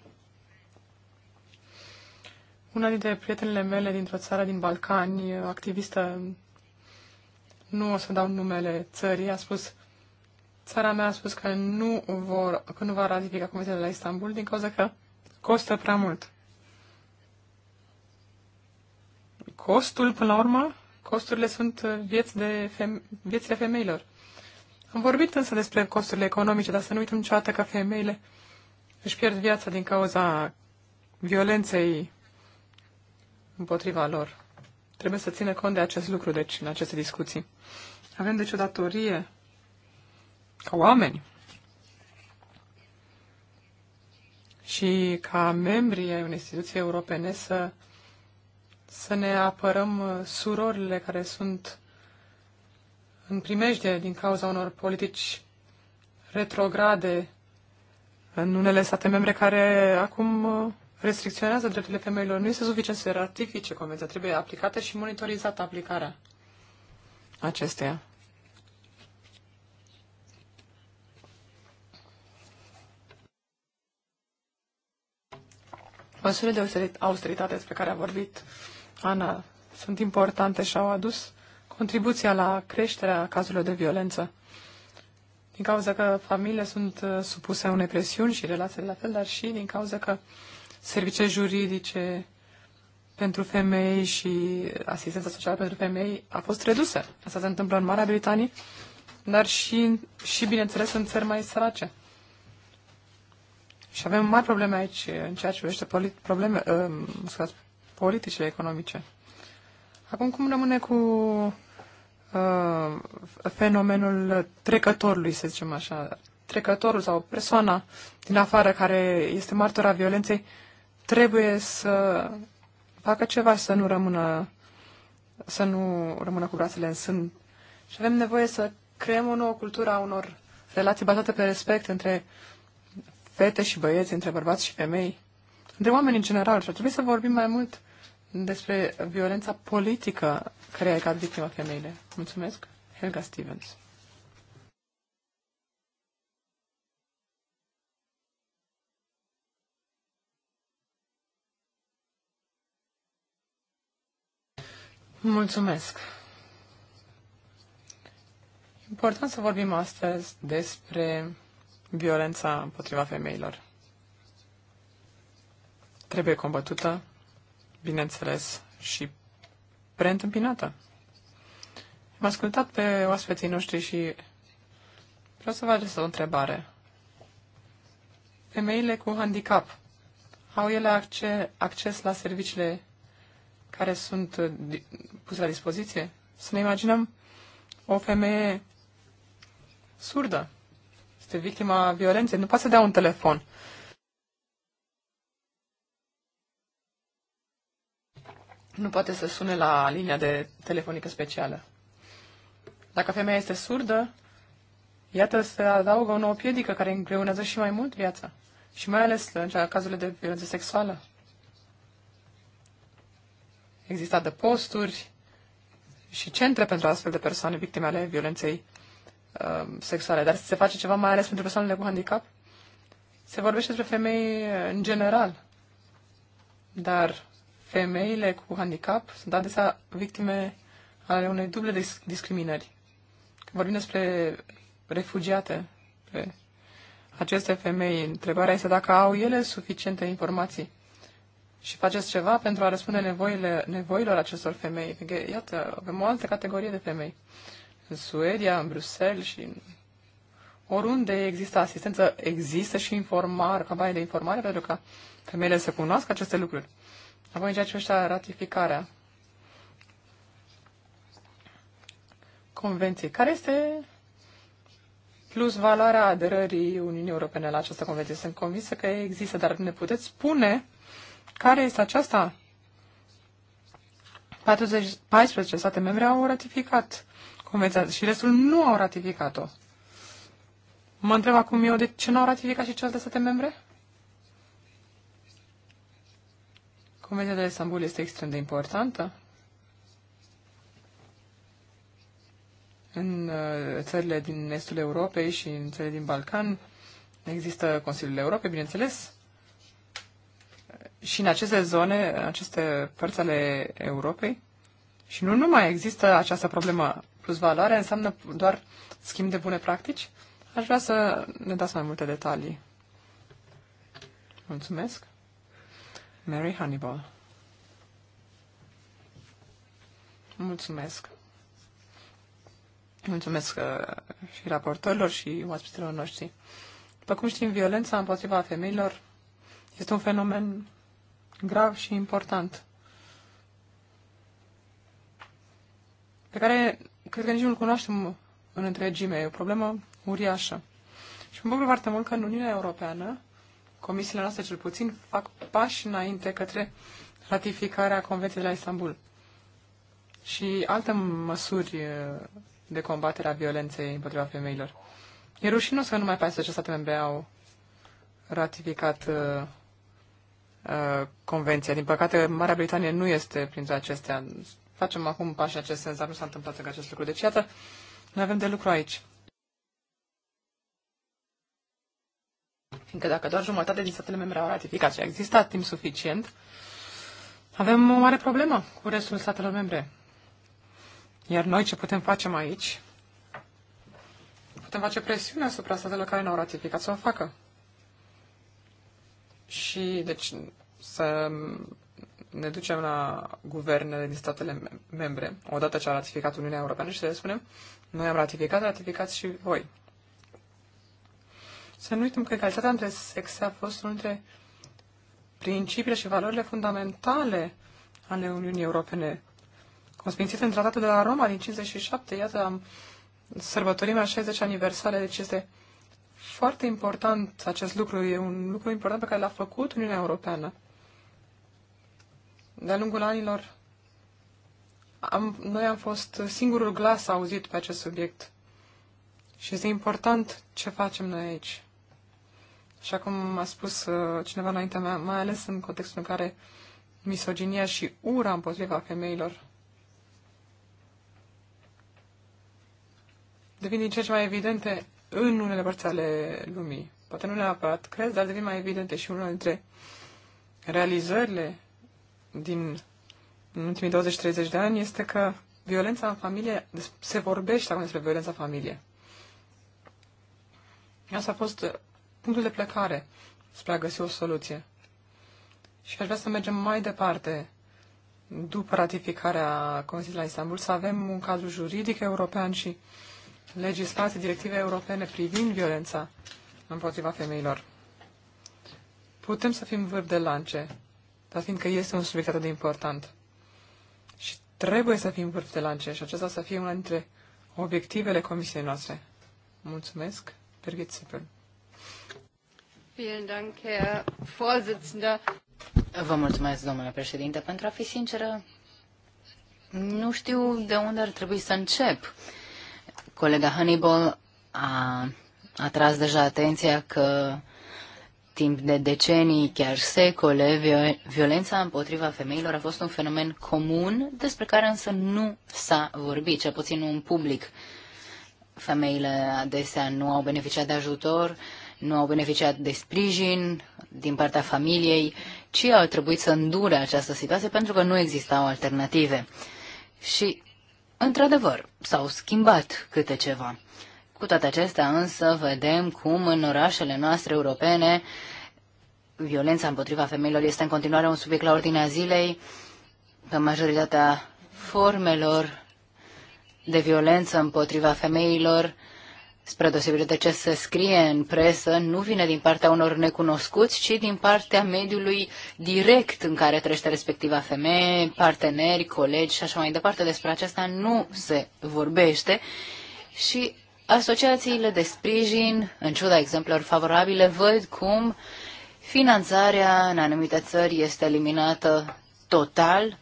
Una dintre prietenele mele dintr-o țară din Balcani, activistă, nu o să dau numele țării, a spus, țara mea a spus că nu, vor, că nu va ratifica Convenția de la Istanbul din cauza că costă prea mult. Costul, până la urmă, costurile sunt uh, vieți de feme- viețile femeilor. Am vorbit însă despre costurile economice, dar să nu uităm niciodată că femeile își pierd viața din cauza violenței împotriva lor. Trebuie să țină cont de acest lucru, deci, în aceste discuții. Avem, deci, o datorie ca oameni și ca membri ai unei instituții europene să, să ne apărăm uh, surorile care sunt în primejde din cauza unor politici retrograde în unele state membre care acum uh, restricționează drepturile femeilor. Nu este suficient să ratifice convenția, trebuie aplicată și monitorizată aplicarea acesteia. Măsurile de austeritate despre care a vorbit Ana sunt importante și au adus contribuția la creșterea cazurilor de violență. Din cauza că familiile sunt uh, supuse unei presiuni și relațiile la fel, dar și din cauza că servicii juridice pentru femei și asistența socială pentru femei a fost redusă. Asta se întâmplă în Marea Britanie, dar și, și bineînțeles, în țări mai sărace. Și avem mari probleme aici în ceea ce privește polit- probleme, uh, scuzați, politicile economice. Acum, cum rămâne cu uh, fenomenul trecătorului, să zicem așa, trecătorul sau persoana din afară care este martora violenței, uh, trebuie să facă ceva să nu rămână, să nu rămână cu brațele în sân. Și avem nevoie să creăm o nouă cultură a unor relații bazate pe respect între fete și băieți, între bărbați și femei, între oameni în general. Și ar trebui să vorbim mai mult despre violența politică care e ca victimă femeile. Mulțumesc, Helga Stevens. Important să vorbim astăzi despre violența împotriva femeilor. Trebuie combătută, bineînțeles, și preîntâmpinată. Am ascultat pe oaspeții noștri și vreau să vă adresez o întrebare. Femeile cu handicap, au ele acces la serviciile care sunt uh, puse la dispoziție. Să ne imaginăm o femeie surdă. Este victima violenței. Nu poate să dea un telefon. Nu poate să sune la linia de telefonică specială. Dacă femeia este surdă, iată se adaugă o nouă piedică care îngreunează și mai mult viața. Și mai ales în cazurile de violență sexuală exista adăposturi posturi și centre pentru astfel de persoane victime ale violenței uh, sexuale. Dar se face ceva mai ales pentru persoanele cu handicap? Se vorbește despre femei uh, în general, dar femeile cu handicap sunt adesea victime ale unei duble discriminări. Când vorbim despre refugiate, pe aceste femei, întrebarea este dacă au ele suficiente informații și faceți ceva pentru a răspunde nevoile, nevoilor acestor femei. Iată, avem o altă categorie de femei. În Suedia, în Bruxelles și în oriunde există asistență, există și informare, campanie de informare pentru ca femeile să cunoască aceste lucruri. Apoi, în ceea ce privește ratificarea convenției, care este plus valoarea aderării Uniunii Europene la această convenție. Sunt convinsă că există, dar ne puteți spune care este aceasta? 40, 14 state membre au ratificat convenția și restul nu au ratificat-o. Mă întreb acum eu de ce nu au ratificat și celelalte state membre? Convenția de Istanbul este extrem de importantă. În uh, țările din estul Europei și în țările din Balcan există Consiliul Europei, bineînțeles, și în aceste zone, în aceste părți ale Europei, și nu numai există această problemă plus valoare, înseamnă doar schimb de bune practici? Aș vrea să ne dați mai multe detalii. Mulțumesc. Mary Hannibal. Mulțumesc. Mulțumesc uh, și raportorilor și oaspeților noștri. După cum știm, violența împotriva femeilor este un fenomen grav și important, pe care cred că nici nu-l cunoaștem în întregime. E o problemă uriașă. Și mă bucur foarte mult că în Uniunea Europeană, comisiile noastre cel puțin, fac pași înainte către ratificarea Convenției de la Istanbul și alte măsuri de combatere a violenței împotriva femeilor. E rușinos că numai 14 state membre au ratificat Uh, convenția. Din păcate, Marea Britanie nu este printre acestea. Facem acum pași în acest sens, dar nu s-a întâmplat încă acest lucru. Deci, iată, noi avem de lucru aici. Fiindcă dacă doar jumătate din statele membre au ratificat și a existat timp suficient, avem o mare problemă cu restul statelor membre. Iar noi ce putem face aici? Putem face presiune asupra statelor care nu au ratificat să o facă și deci să ne ducem la guvernele din statele membre, odată ce a ratificat Uniunea Europeană și să le spunem, noi am ratificat, ratificați și voi. Să nu uităm că egalitatea între sexe a fost unul dintre principiile și valorile fundamentale ale Uniunii Europene, consfințite în tratatul de la Roma din 57. Iată, am sărbătorim a 60 aniversare, deci este foarte important acest lucru, e un lucru important pe care l-a făcut Uniunea Europeană. De-a lungul anilor, am, noi am fost singurul glas auzit pe acest subiect. Și este important ce facem noi aici. Așa cum a spus uh, cineva înaintea mea, mai ales în contextul în care misoginia și ura împotriva femeilor devin din ce ce mai evidente în unele părți ale lumii. Poate nu neapărat cred, dar devin mai evidente și una dintre realizările din în ultimii 20-30 de ani este că violența în familie, se vorbește acum despre violența în familie. Asta a fost punctul de plecare spre a găsi o soluție. Și aș vrea să mergem mai departe după ratificarea Consiliului la Istanbul, să avem un cadru juridic european și legislații, directive europene privind violența împotriva femeilor. Putem să fim vârf de lance, dar fiindcă este un subiect atât de important. Și trebuie să fim vârf de lance și acesta să fie una dintre obiectivele comisiei noastre. Mulțumesc, Birgit Sipel. Vă mulțumesc, domnule președinte. Pentru a fi sinceră, nu știu de unde ar trebui să încep. Colega Hannibal a atras deja atenția că timp de decenii, chiar secole, violența împotriva femeilor a fost un fenomen comun despre care însă nu s-a vorbit, cel puțin un public. Femeile adesea nu au beneficiat de ajutor, nu au beneficiat de sprijin din partea familiei, ci au trebuit să îndure această situație pentru că nu existau alternative. Și Într-adevăr, s-au schimbat câte ceva. Cu toate acestea însă vedem cum în orașele noastre europene violența împotriva femeilor este în continuare un subiect la ordinea zilei, Pe majoritatea formelor de violență împotriva femeilor spre deosebire de ce se scrie în presă, nu vine din partea unor necunoscuți, ci din partea mediului direct în care trăiește respectiva femeie, parteneri, colegi și așa mai departe. Despre aceasta nu se vorbește și asociațiile de sprijin, în ciuda exemplelor favorabile, văd cum finanțarea în anumite țări este eliminată total,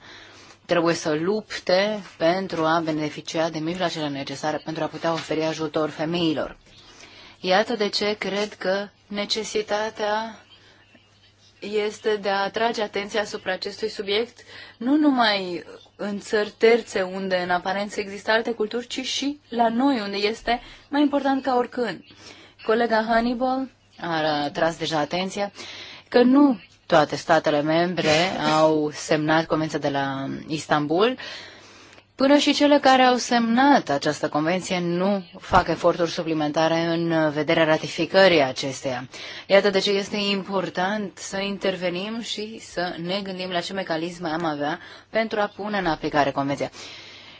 trebuie să lupte pentru a beneficia de mijloacele necesare pentru a putea oferi ajutor femeilor. Iată de ce cred că necesitatea este de a atrage atenția asupra acestui subiect, nu numai în țări terțe unde în aparență există alte culturi, ci și la noi unde este mai important ca oricând. Colega Hannibal a tras deja atenția că nu toate statele membre au semnat Convenția de la Istanbul. Până și cele care au semnat această convenție nu fac eforturi suplimentare în vederea ratificării acesteia. Iată de ce este important să intervenim și să ne gândim la ce mecanisme am avea pentru a pune în aplicare convenția.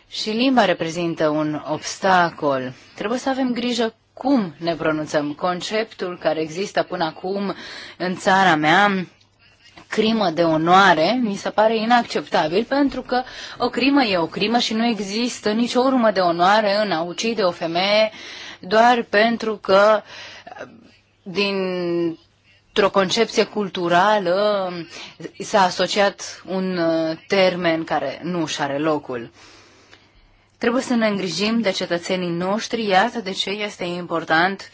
Și limba reprezintă un obstacol. Trebuie să avem grijă cum ne pronunțăm. Conceptul care există până acum în țara mea crimă de onoare, mi se pare inacceptabil, pentru că o crimă e o crimă și nu există nicio urmă de onoare în a ucide o femeie doar pentru că din o concepție culturală s-a asociat un uh, termen care nu își are locul. Trebuie să ne îngrijim de cetățenii noștri, iată de ce este important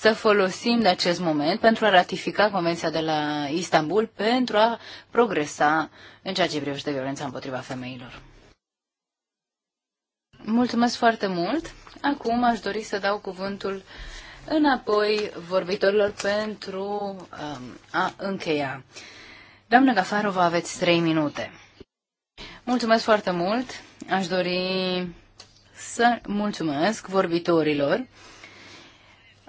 să folosim de acest moment pentru a ratifica Convenția de la Istanbul, pentru a progresa în ceea ce privește violența împotriva femeilor. Mulțumesc foarte mult. Acum aș dori să dau cuvântul înapoi vorbitorilor pentru um, a încheia. Doamna Gafarova, aveți trei minute. Mulțumesc foarte mult. Aș dori să mulțumesc vorbitorilor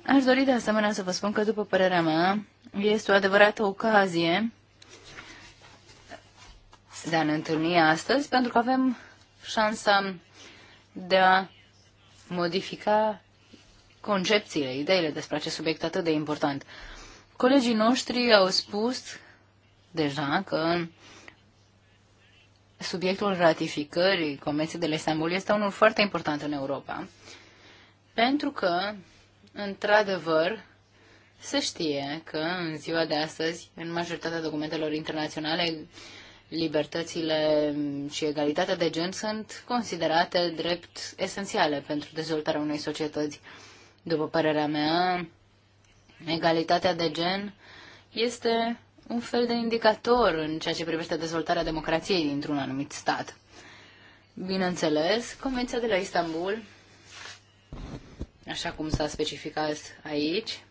Aș dori de asemenea să vă spun că, după părerea mea, este o adevărată ocazie de a ne întâlni astăzi, pentru că avem șansa de a modifica concepțiile, ideile despre acest subiect atât de important. Colegii noștri au spus deja că subiectul ratificării Convenției de la Istanbul este unul foarte important în Europa, pentru că Într-adevăr, se știe că în ziua de astăzi, în majoritatea documentelor internaționale, libertățile și egalitatea de gen sunt considerate drept esențiale pentru dezvoltarea unei societăți. După părerea mea, egalitatea de gen este un fel de indicator în ceea ce privește dezvoltarea democrației dintr-un anumit stat. Bineînțeles, Convenția de la Istanbul așa cum s-a specificat aici,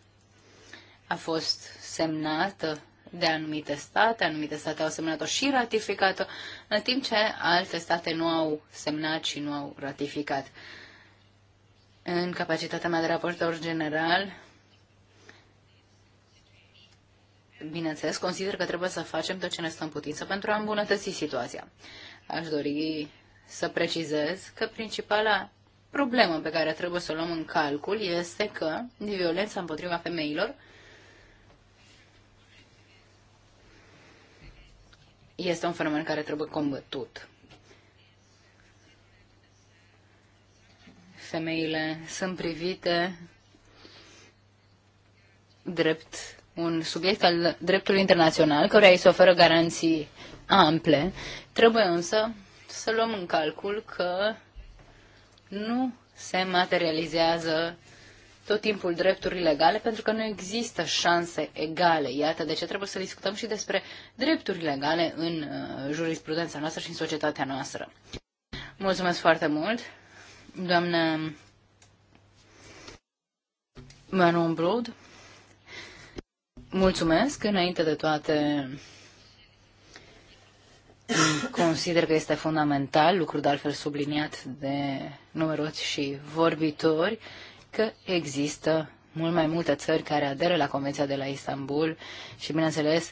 a fost semnată de anumite state, anumite state au semnat-o și ratificat-o, în timp ce alte state nu au semnat și nu au ratificat. În capacitatea mea de raportor general, bineînțeles, consider că trebuie să facem tot ce ne stă în putință pentru a îmbunătăți situația. Aș dori să precizez că principala problemă pe care trebuie să o luăm în calcul este că violența împotriva femeilor este un fenomen care trebuie combătut. Femeile sunt privite drept un subiect al dreptului internațional, căruia îi se oferă garanții ample. Trebuie însă să luăm în calcul că nu se materializează tot timpul drepturi legale pentru că nu există șanse egale. Iată de ce trebuie să discutăm și despre drepturi legale în uh, jurisprudența noastră și în societatea noastră. Mulțumesc foarte mult, doamnă Manon Blood. Mulțumesc, înainte de toate, Consider că este fundamental, lucru de altfel subliniat de numeroți și vorbitori, că există mult mai multe țări care aderă la Convenția de la Istanbul și, bineînțeles,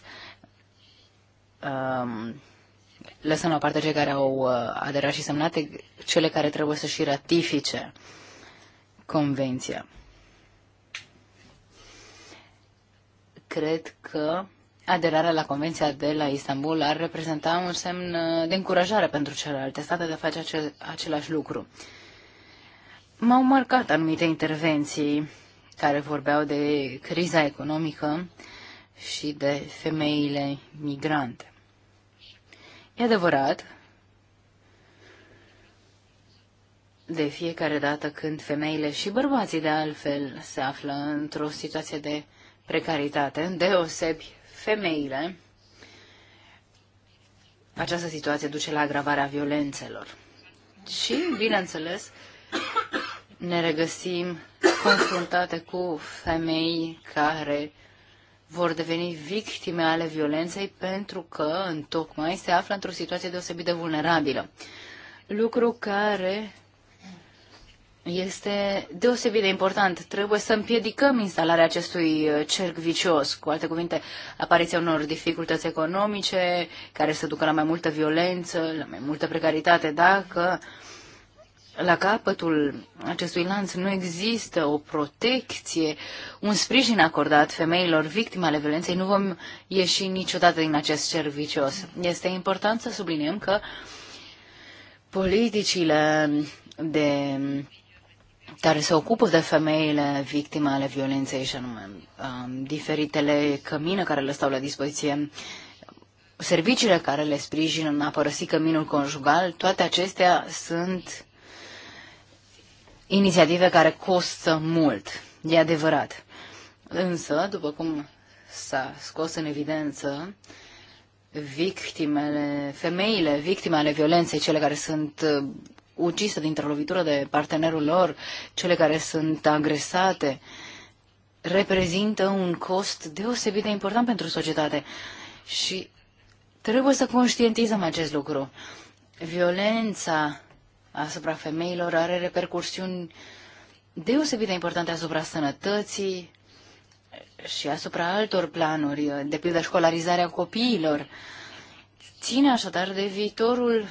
um, lăsăm la parte cei care au uh, aderat și semnat, cele care trebuie să și ratifice Convenția. Cred că aderarea la Convenția de la Istanbul ar reprezenta un semn uh, de încurajare pentru celelalte state de a face acel, același lucru. M-au marcat anumite intervenții care vorbeau de criza economică și de femeile migrante. E adevărat, de fiecare dată când femeile și bărbații de altfel se află într-o situație de precaritate, deosebi femeile. Această situație duce la agravarea violențelor. Și, bineînțeles, ne regăsim confruntate cu femei care vor deveni victime ale violenței pentru că, în tocmai, se află într-o situație deosebit de vulnerabilă. Lucru care este deosebit de important. Trebuie să împiedicăm instalarea acestui uh, cerc vicios, cu alte cuvinte, apariția unor dificultăți economice care să ducă la mai multă violență, la mai multă precaritate, dacă la capătul acestui lanț nu există o protecție, un sprijin acordat femeilor victime ale violenței, nu vom ieși niciodată din acest cerc vicios. Este important să subliniem că politicile de care se ocupă de femeile victime ale violenței și anume um, diferitele cămine care le stau la dispoziție, serviciile care le sprijină în a părăsi căminul conjugal, toate acestea sunt inițiative care costă mult, e adevărat. Însă, după cum s-a scos în evidență, victimele, femeile, victime ale violenței, cele care sunt ucise dintr-o lovitură de partenerul lor, cele care sunt agresate, reprezintă un cost deosebit de important pentru societate. Și trebuie să conștientizăm acest lucru. Violența asupra femeilor are repercursiuni deosebit de importante asupra sănătății și asupra altor planuri, de pildă școlarizarea copiilor. Ține așadar de viitorul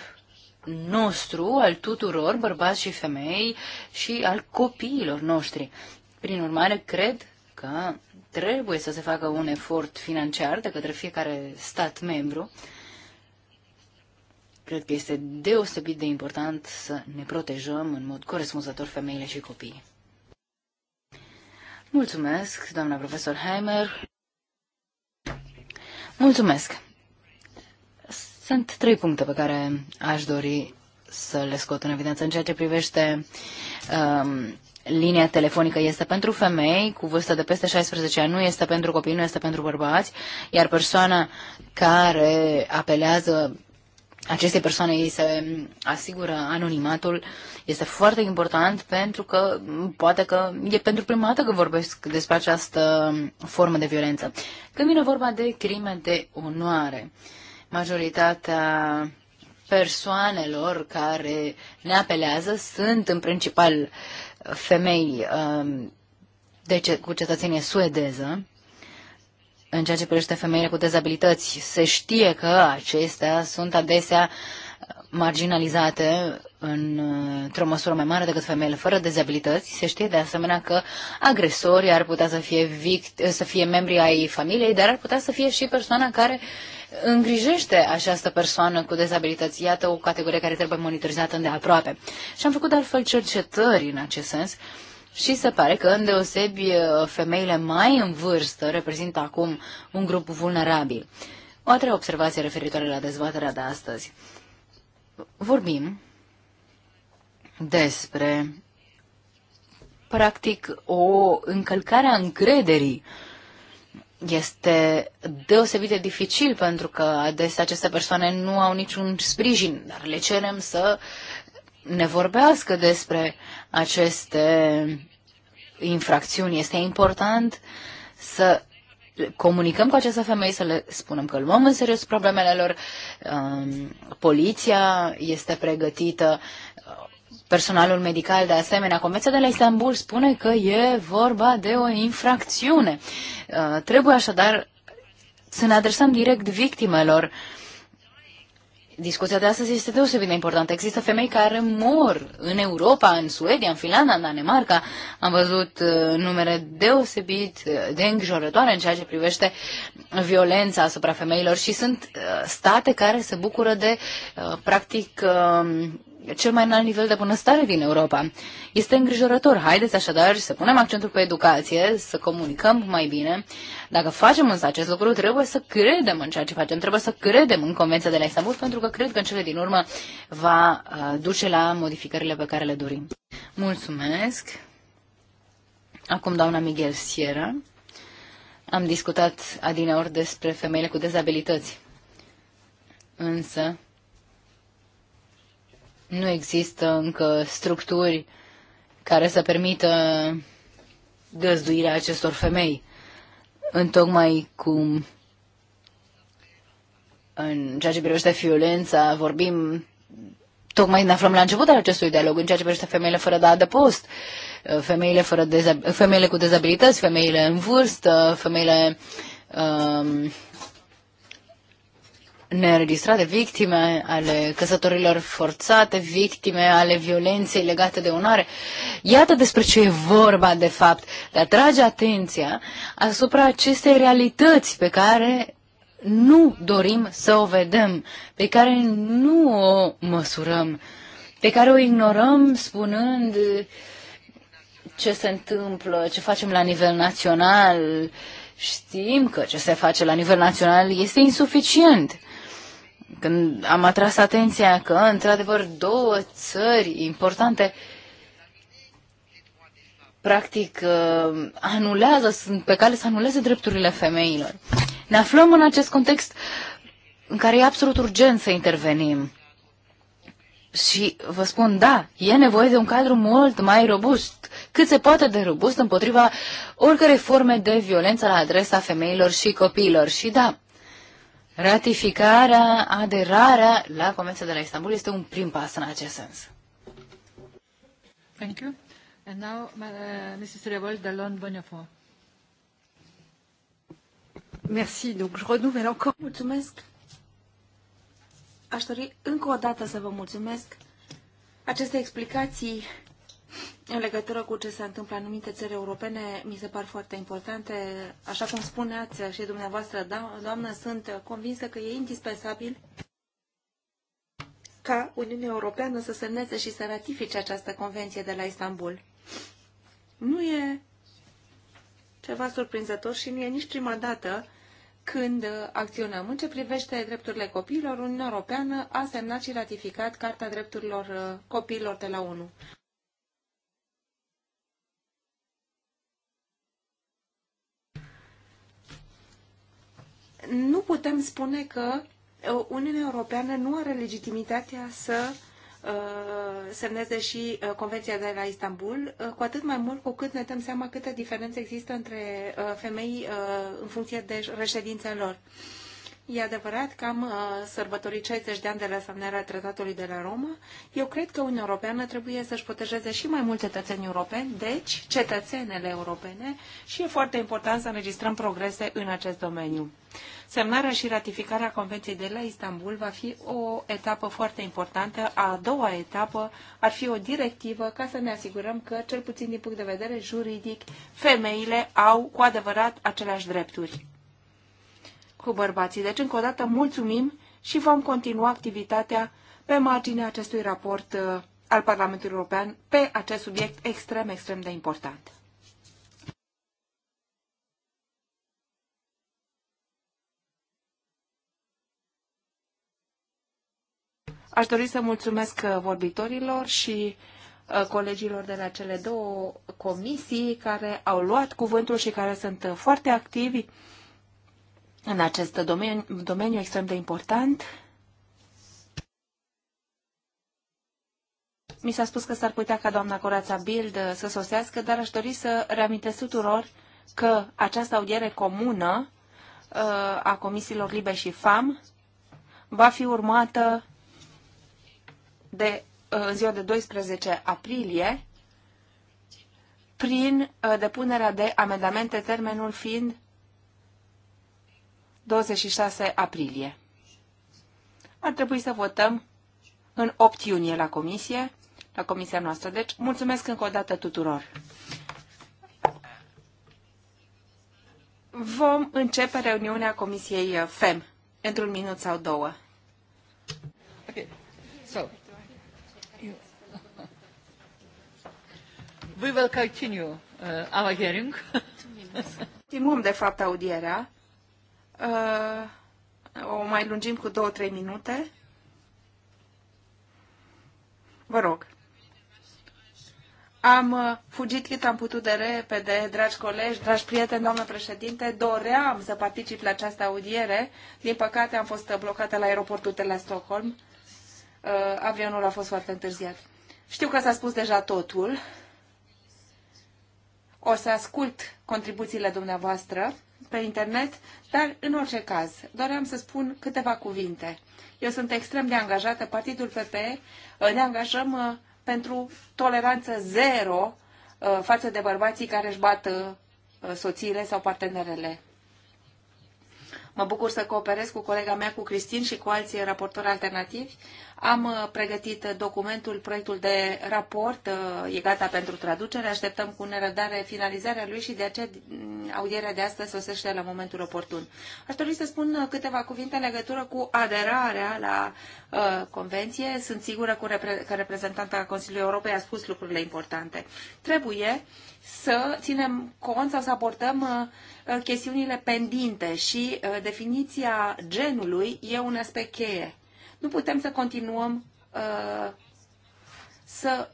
nostru, al tuturor, bărbați și femei, și al copiilor noștri. Prin urmare, cred că trebuie să se facă un efort financiar de către fiecare stat membru. Cred că este deosebit de important să ne protejăm în mod corespunzător femeile și copiii. Mulțumesc, doamna profesor Heimer. Mulțumesc. Sunt trei puncte pe care aș dori să le scot în evidență în ceea ce privește um, linia telefonică este pentru femei cu vârstă de peste 16 ani, nu este pentru copii, nu este pentru bărbați, iar persoana care apelează acestei persoane ei se asigură anonimatul, este foarte important pentru că poate că e pentru prima dată că vorbesc despre această formă de violență. Când vine vorba de crime de onoare, uh, Majoritatea persoanelor care ne apelează sunt în principal femei um, de ce, cu cetățenie suedeză. În ceea ce privește femeile cu dezabilități, se știe că acestea sunt adesea marginalizate într-o măsură mai mare decât femeile fără dezabilități. Se știe de asemenea că agresorii ar putea să fie, vict- să fie membri ai familiei, dar ar putea să fie și persoana care uh, îngrijește această persoană cu dezabilități. Iată o categorie care trebuie monitorizată îndeaproape. Și am făcut altfel cercetări în acest sens și se pare că, îndeosebi, femeile mai în vârstă reprezintă acum un grup vulnerabil. O a treia observație referitoare la dezbaterea de astăzi. Vorbim despre, practic, o încălcare a încrederii este deosebit de dificil pentru că adesea aceste persoane nu au niciun sprijin, dar le cerem să ne vorbească despre aceste infracțiuni. Este important să comunicăm cu aceste femei, să le spunem că luăm în serios problemele lor, um, poliția este pregătită Personalul medical, de asemenea, Convenția de la Istanbul spune că e vorba de o infracțiune. Uh, trebuie așadar să ne adresăm direct victimelor. Discuția de astăzi este deosebit de importantă. Există femei care mor în Europa, în Suedia, în Finlanda, în Danemarca. Am văzut uh, numere deosebit uh, de îngrijorătoare în ceea ce privește violența asupra femeilor și sunt state care se bucură de, practic, um, cel mai înalt nivel de bunăstare din Europa. Este îngrijorător. Haideți așadar să punem accentul pe educație, să comunicăm mai bine. Dacă facem însă acest lucru, trebuie să credem în ceea ce facem, trebuie să credem în Convenția de la Istanbul, pentru că cred că în cele din urmă va uh, duce la modificările pe care le dorim. Mulțumesc! Acum doamna Miguel Sierra. Am discutat adineori despre femeile cu dezabilități. Însă, nu există încă structuri care să permită găzduirea acestor femei. în tocmai cum în ceea ce privește violența vorbim tocmai ne aflăm la începutul acestui dialog în ceea ce privește femeile fără de adăpost, femeile, fără dezab- femeile cu dezabilități, femeile în vârstă, femeile um, neregistrate, victime ale căsătorilor forțate, victime ale violenței legate de onoare. Iată despre ce e vorba, de fapt, de atrage atenția asupra acestei realități pe care nu dorim să o vedem, pe care nu o măsurăm, pe care o ignorăm spunând ce se întâmplă, ce facem la nivel național, știm că ce se face la nivel național este insuficient când am atras atenția că, într-adevăr, două țări importante practic uh, anulează, sunt pe cale să anuleze drepturile femeilor. Ne aflăm în acest context în care e absolut urgent să intervenim. Și vă spun, da, e nevoie de un cadru mult mai robust, cât se poate de robust împotriva oricărei forme de violență la adresa femeilor și copiilor. Și da, Ratificarea, aderarea la Convenția de la Istanbul este un prim pas în acest sens. Thank you. And now, uh, Mrs. Revolt, Delon Bonifon. Merci. Donc, je renouvelle encore. Mulțumesc. Aș dori încă o dată să vă mulțumesc. Aceste explicații în legătură cu ce se întâmplă în anumite țări europene, mi se par foarte importante. Așa cum spuneați și dumneavoastră, da, doamnă, sunt convinsă că e indispensabil ca Uniunea Europeană să semneze și să ratifice această convenție de la Istanbul. Nu e ceva surprinzător și nu e nici prima dată când acționăm. În ce privește drepturile copiilor, Uniunea Europeană a semnat și ratificat Carta Drepturilor uh, Copiilor de la ONU. nu putem spune că uh, Uniunea Europeană nu are legitimitatea să uh, semneze și uh, Convenția de la Istanbul, cu atât mai mult cu cât ne dăm seama câte diferențe există între femei în funcție de reședința lor. E adevărat că am uh, sărbătorit 60 de ani de la semnarea tratatului de la Roma. Eu cred că Uniunea Europeană trebuie să-și protejeze și mai mulți cetățeni europeni, deci cetățenele europene, și e foarte important să înregistrăm progrese în acest domeniu. Semnarea și ratificarea Convenției de la Istanbul va fi o etapă foarte importantă. A doua etapă ar fi o directivă ca să ne asigurăm că, cel puțin din punct de vedere juridic, femeile au cu adevărat aceleași drepturi cu bărbații. Deci, încă o dată, mulțumim și vom continua activitatea pe marginea acestui raport uh, al Parlamentului European pe acest subiect extrem, extrem de important. Aș dori să mulțumesc uh, vorbitorilor și uh, colegilor de la cele două comisii care au luat cuvântul și care sunt foarte activi în acest domeniu, domeniu extrem de important. Mi s-a spus că s-ar putea ca doamna Corața Bild uh, să sosească, dar aș dori să reamintesc tuturor că această audiere comună uh, a comisiilor Libe și FAM va fi urmată de uh, în ziua de 12 aprilie prin depunerea de amendamente, termenul fiind 26 aprilie. Ar trebui să votăm în 8 iunie la comisie, la comisia noastră. Deci, mulțumesc încă o dată tuturor. Vom începe reuniunea comisiei uh, FEM într-un minut sau două. Okay. So, we will continue uh, our hearing. Continuăm, de fapt, audierea. Uh, o mai lungim cu două-trei minute. Vă rog. Am uh, fugit cât am putut de repede, dragi colegi, dragi prieteni, doamnă președinte. Doream să particip la această audiere. Din păcate am fost blocată la aeroportul de la Stockholm. Uh, avionul a fost foarte întârziat. Știu că s-a spus deja totul o să ascult contribuțiile dumneavoastră pe internet, dar în orice caz, doream să spun câteva cuvinte. Eu sunt extrem de angajată, Partidul PP eh, ne angajăm eh, pentru toleranță zero eh, față de bărbații care își bat soțiile sau partenerele. Mă bucur să cooperez cu colega mea, cu Cristin și cu alții raportori alternativi. Am uh, pregătit documentul, proiectul de raport, uh, e gata pentru traducere, așteptăm cu nerăbdare finalizarea lui și de aceea mm, audierea de astăzi sosește la momentul oportun. Aș dori să spun uh, câteva cuvinte în legătură cu aderarea la uh, convenție. Sunt sigură cu repre- că reprezentanta Consiliului Europei a spus lucrurile importante. Trebuie să ținem cont sau să aportăm uh, Uh, chestiunile pendinte și uh, definiția genului e un aspect cheie. Nu putem să continuăm uh, să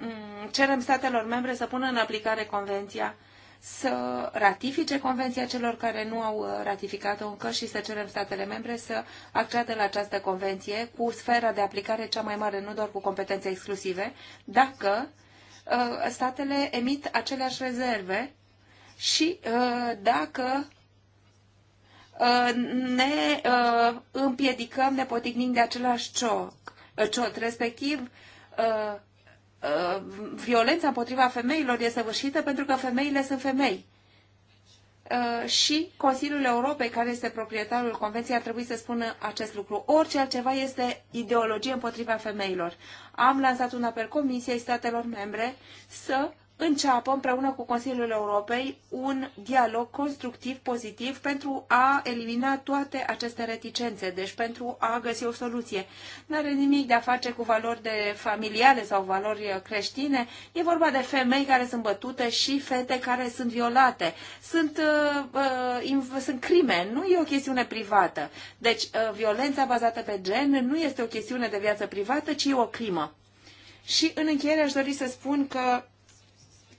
mm, cerem statelor membre să pună în aplicare convenția, să ratifice convenția celor care nu au ratificat-o încă și să cerem statele membre să acceadă la această convenție cu sfera de aplicare cea mai mare, nu doar cu competențe exclusive, dacă statele emit aceleași rezerve și uh, dacă uh, ne uh, împiedicăm, ne potignim de același cioc, ciot, respectiv violența împotriva femeilor este săvârșită pentru că femeile sunt femei. Și Consiliul Europei, care este proprietarul Convenției, ar trebui să spună acest lucru. Orice altceva este ideologie împotriva femeilor. Am lansat un apel Comisiei Statelor Membre să înceapă împreună cu Consiliul Europei un dialog constructiv, pozitiv, pentru a elimina toate aceste reticențe, deci pentru a găsi o soluție. Nu are nimic de a face cu valori de familiale sau valori creștine, e vorba de femei care sunt bătute și fete care sunt violate. Sunt, uh, uh sunt crime, nu e o chestiune privată. Deci uh, violența bazată pe gen nu este o chestiune de viață privată, ci e o crimă. Și în încheiere aș dori să spun că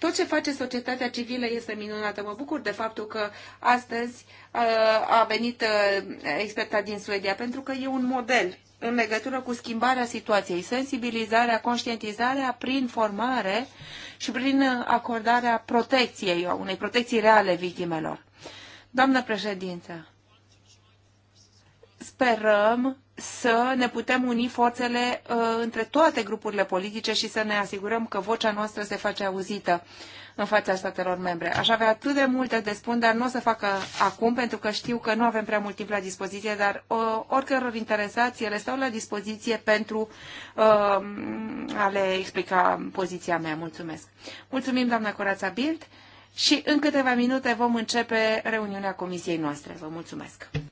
tot ce face societatea civilă este minunată. Mă bucur de faptul că astăzi uh, a venit uh, experta din Suedia, pentru că e un model în legătură cu schimbarea situației, sensibilizarea, conștientizarea prin formare și prin acordarea protecției, unei protecții reale victimelor. Doamnă președință, sperăm să ne putem uni forțele uh, între toate grupurile politice și să ne asigurăm că vocea noastră se face auzită în fața statelor membre. Aș avea atât de multe de spun, dar nu o să facă uh, acum, pentru că știu că nu avem prea mult timp la dispoziție, dar uh, oricăror interesați, ele stau la dispoziție pentru uh, a le explica poziția mea. Mulțumesc. Mulțumim, doamna Corața Bild, și în câteva minute vom începe reuniunea comisiei noastre. Vă mulțumesc.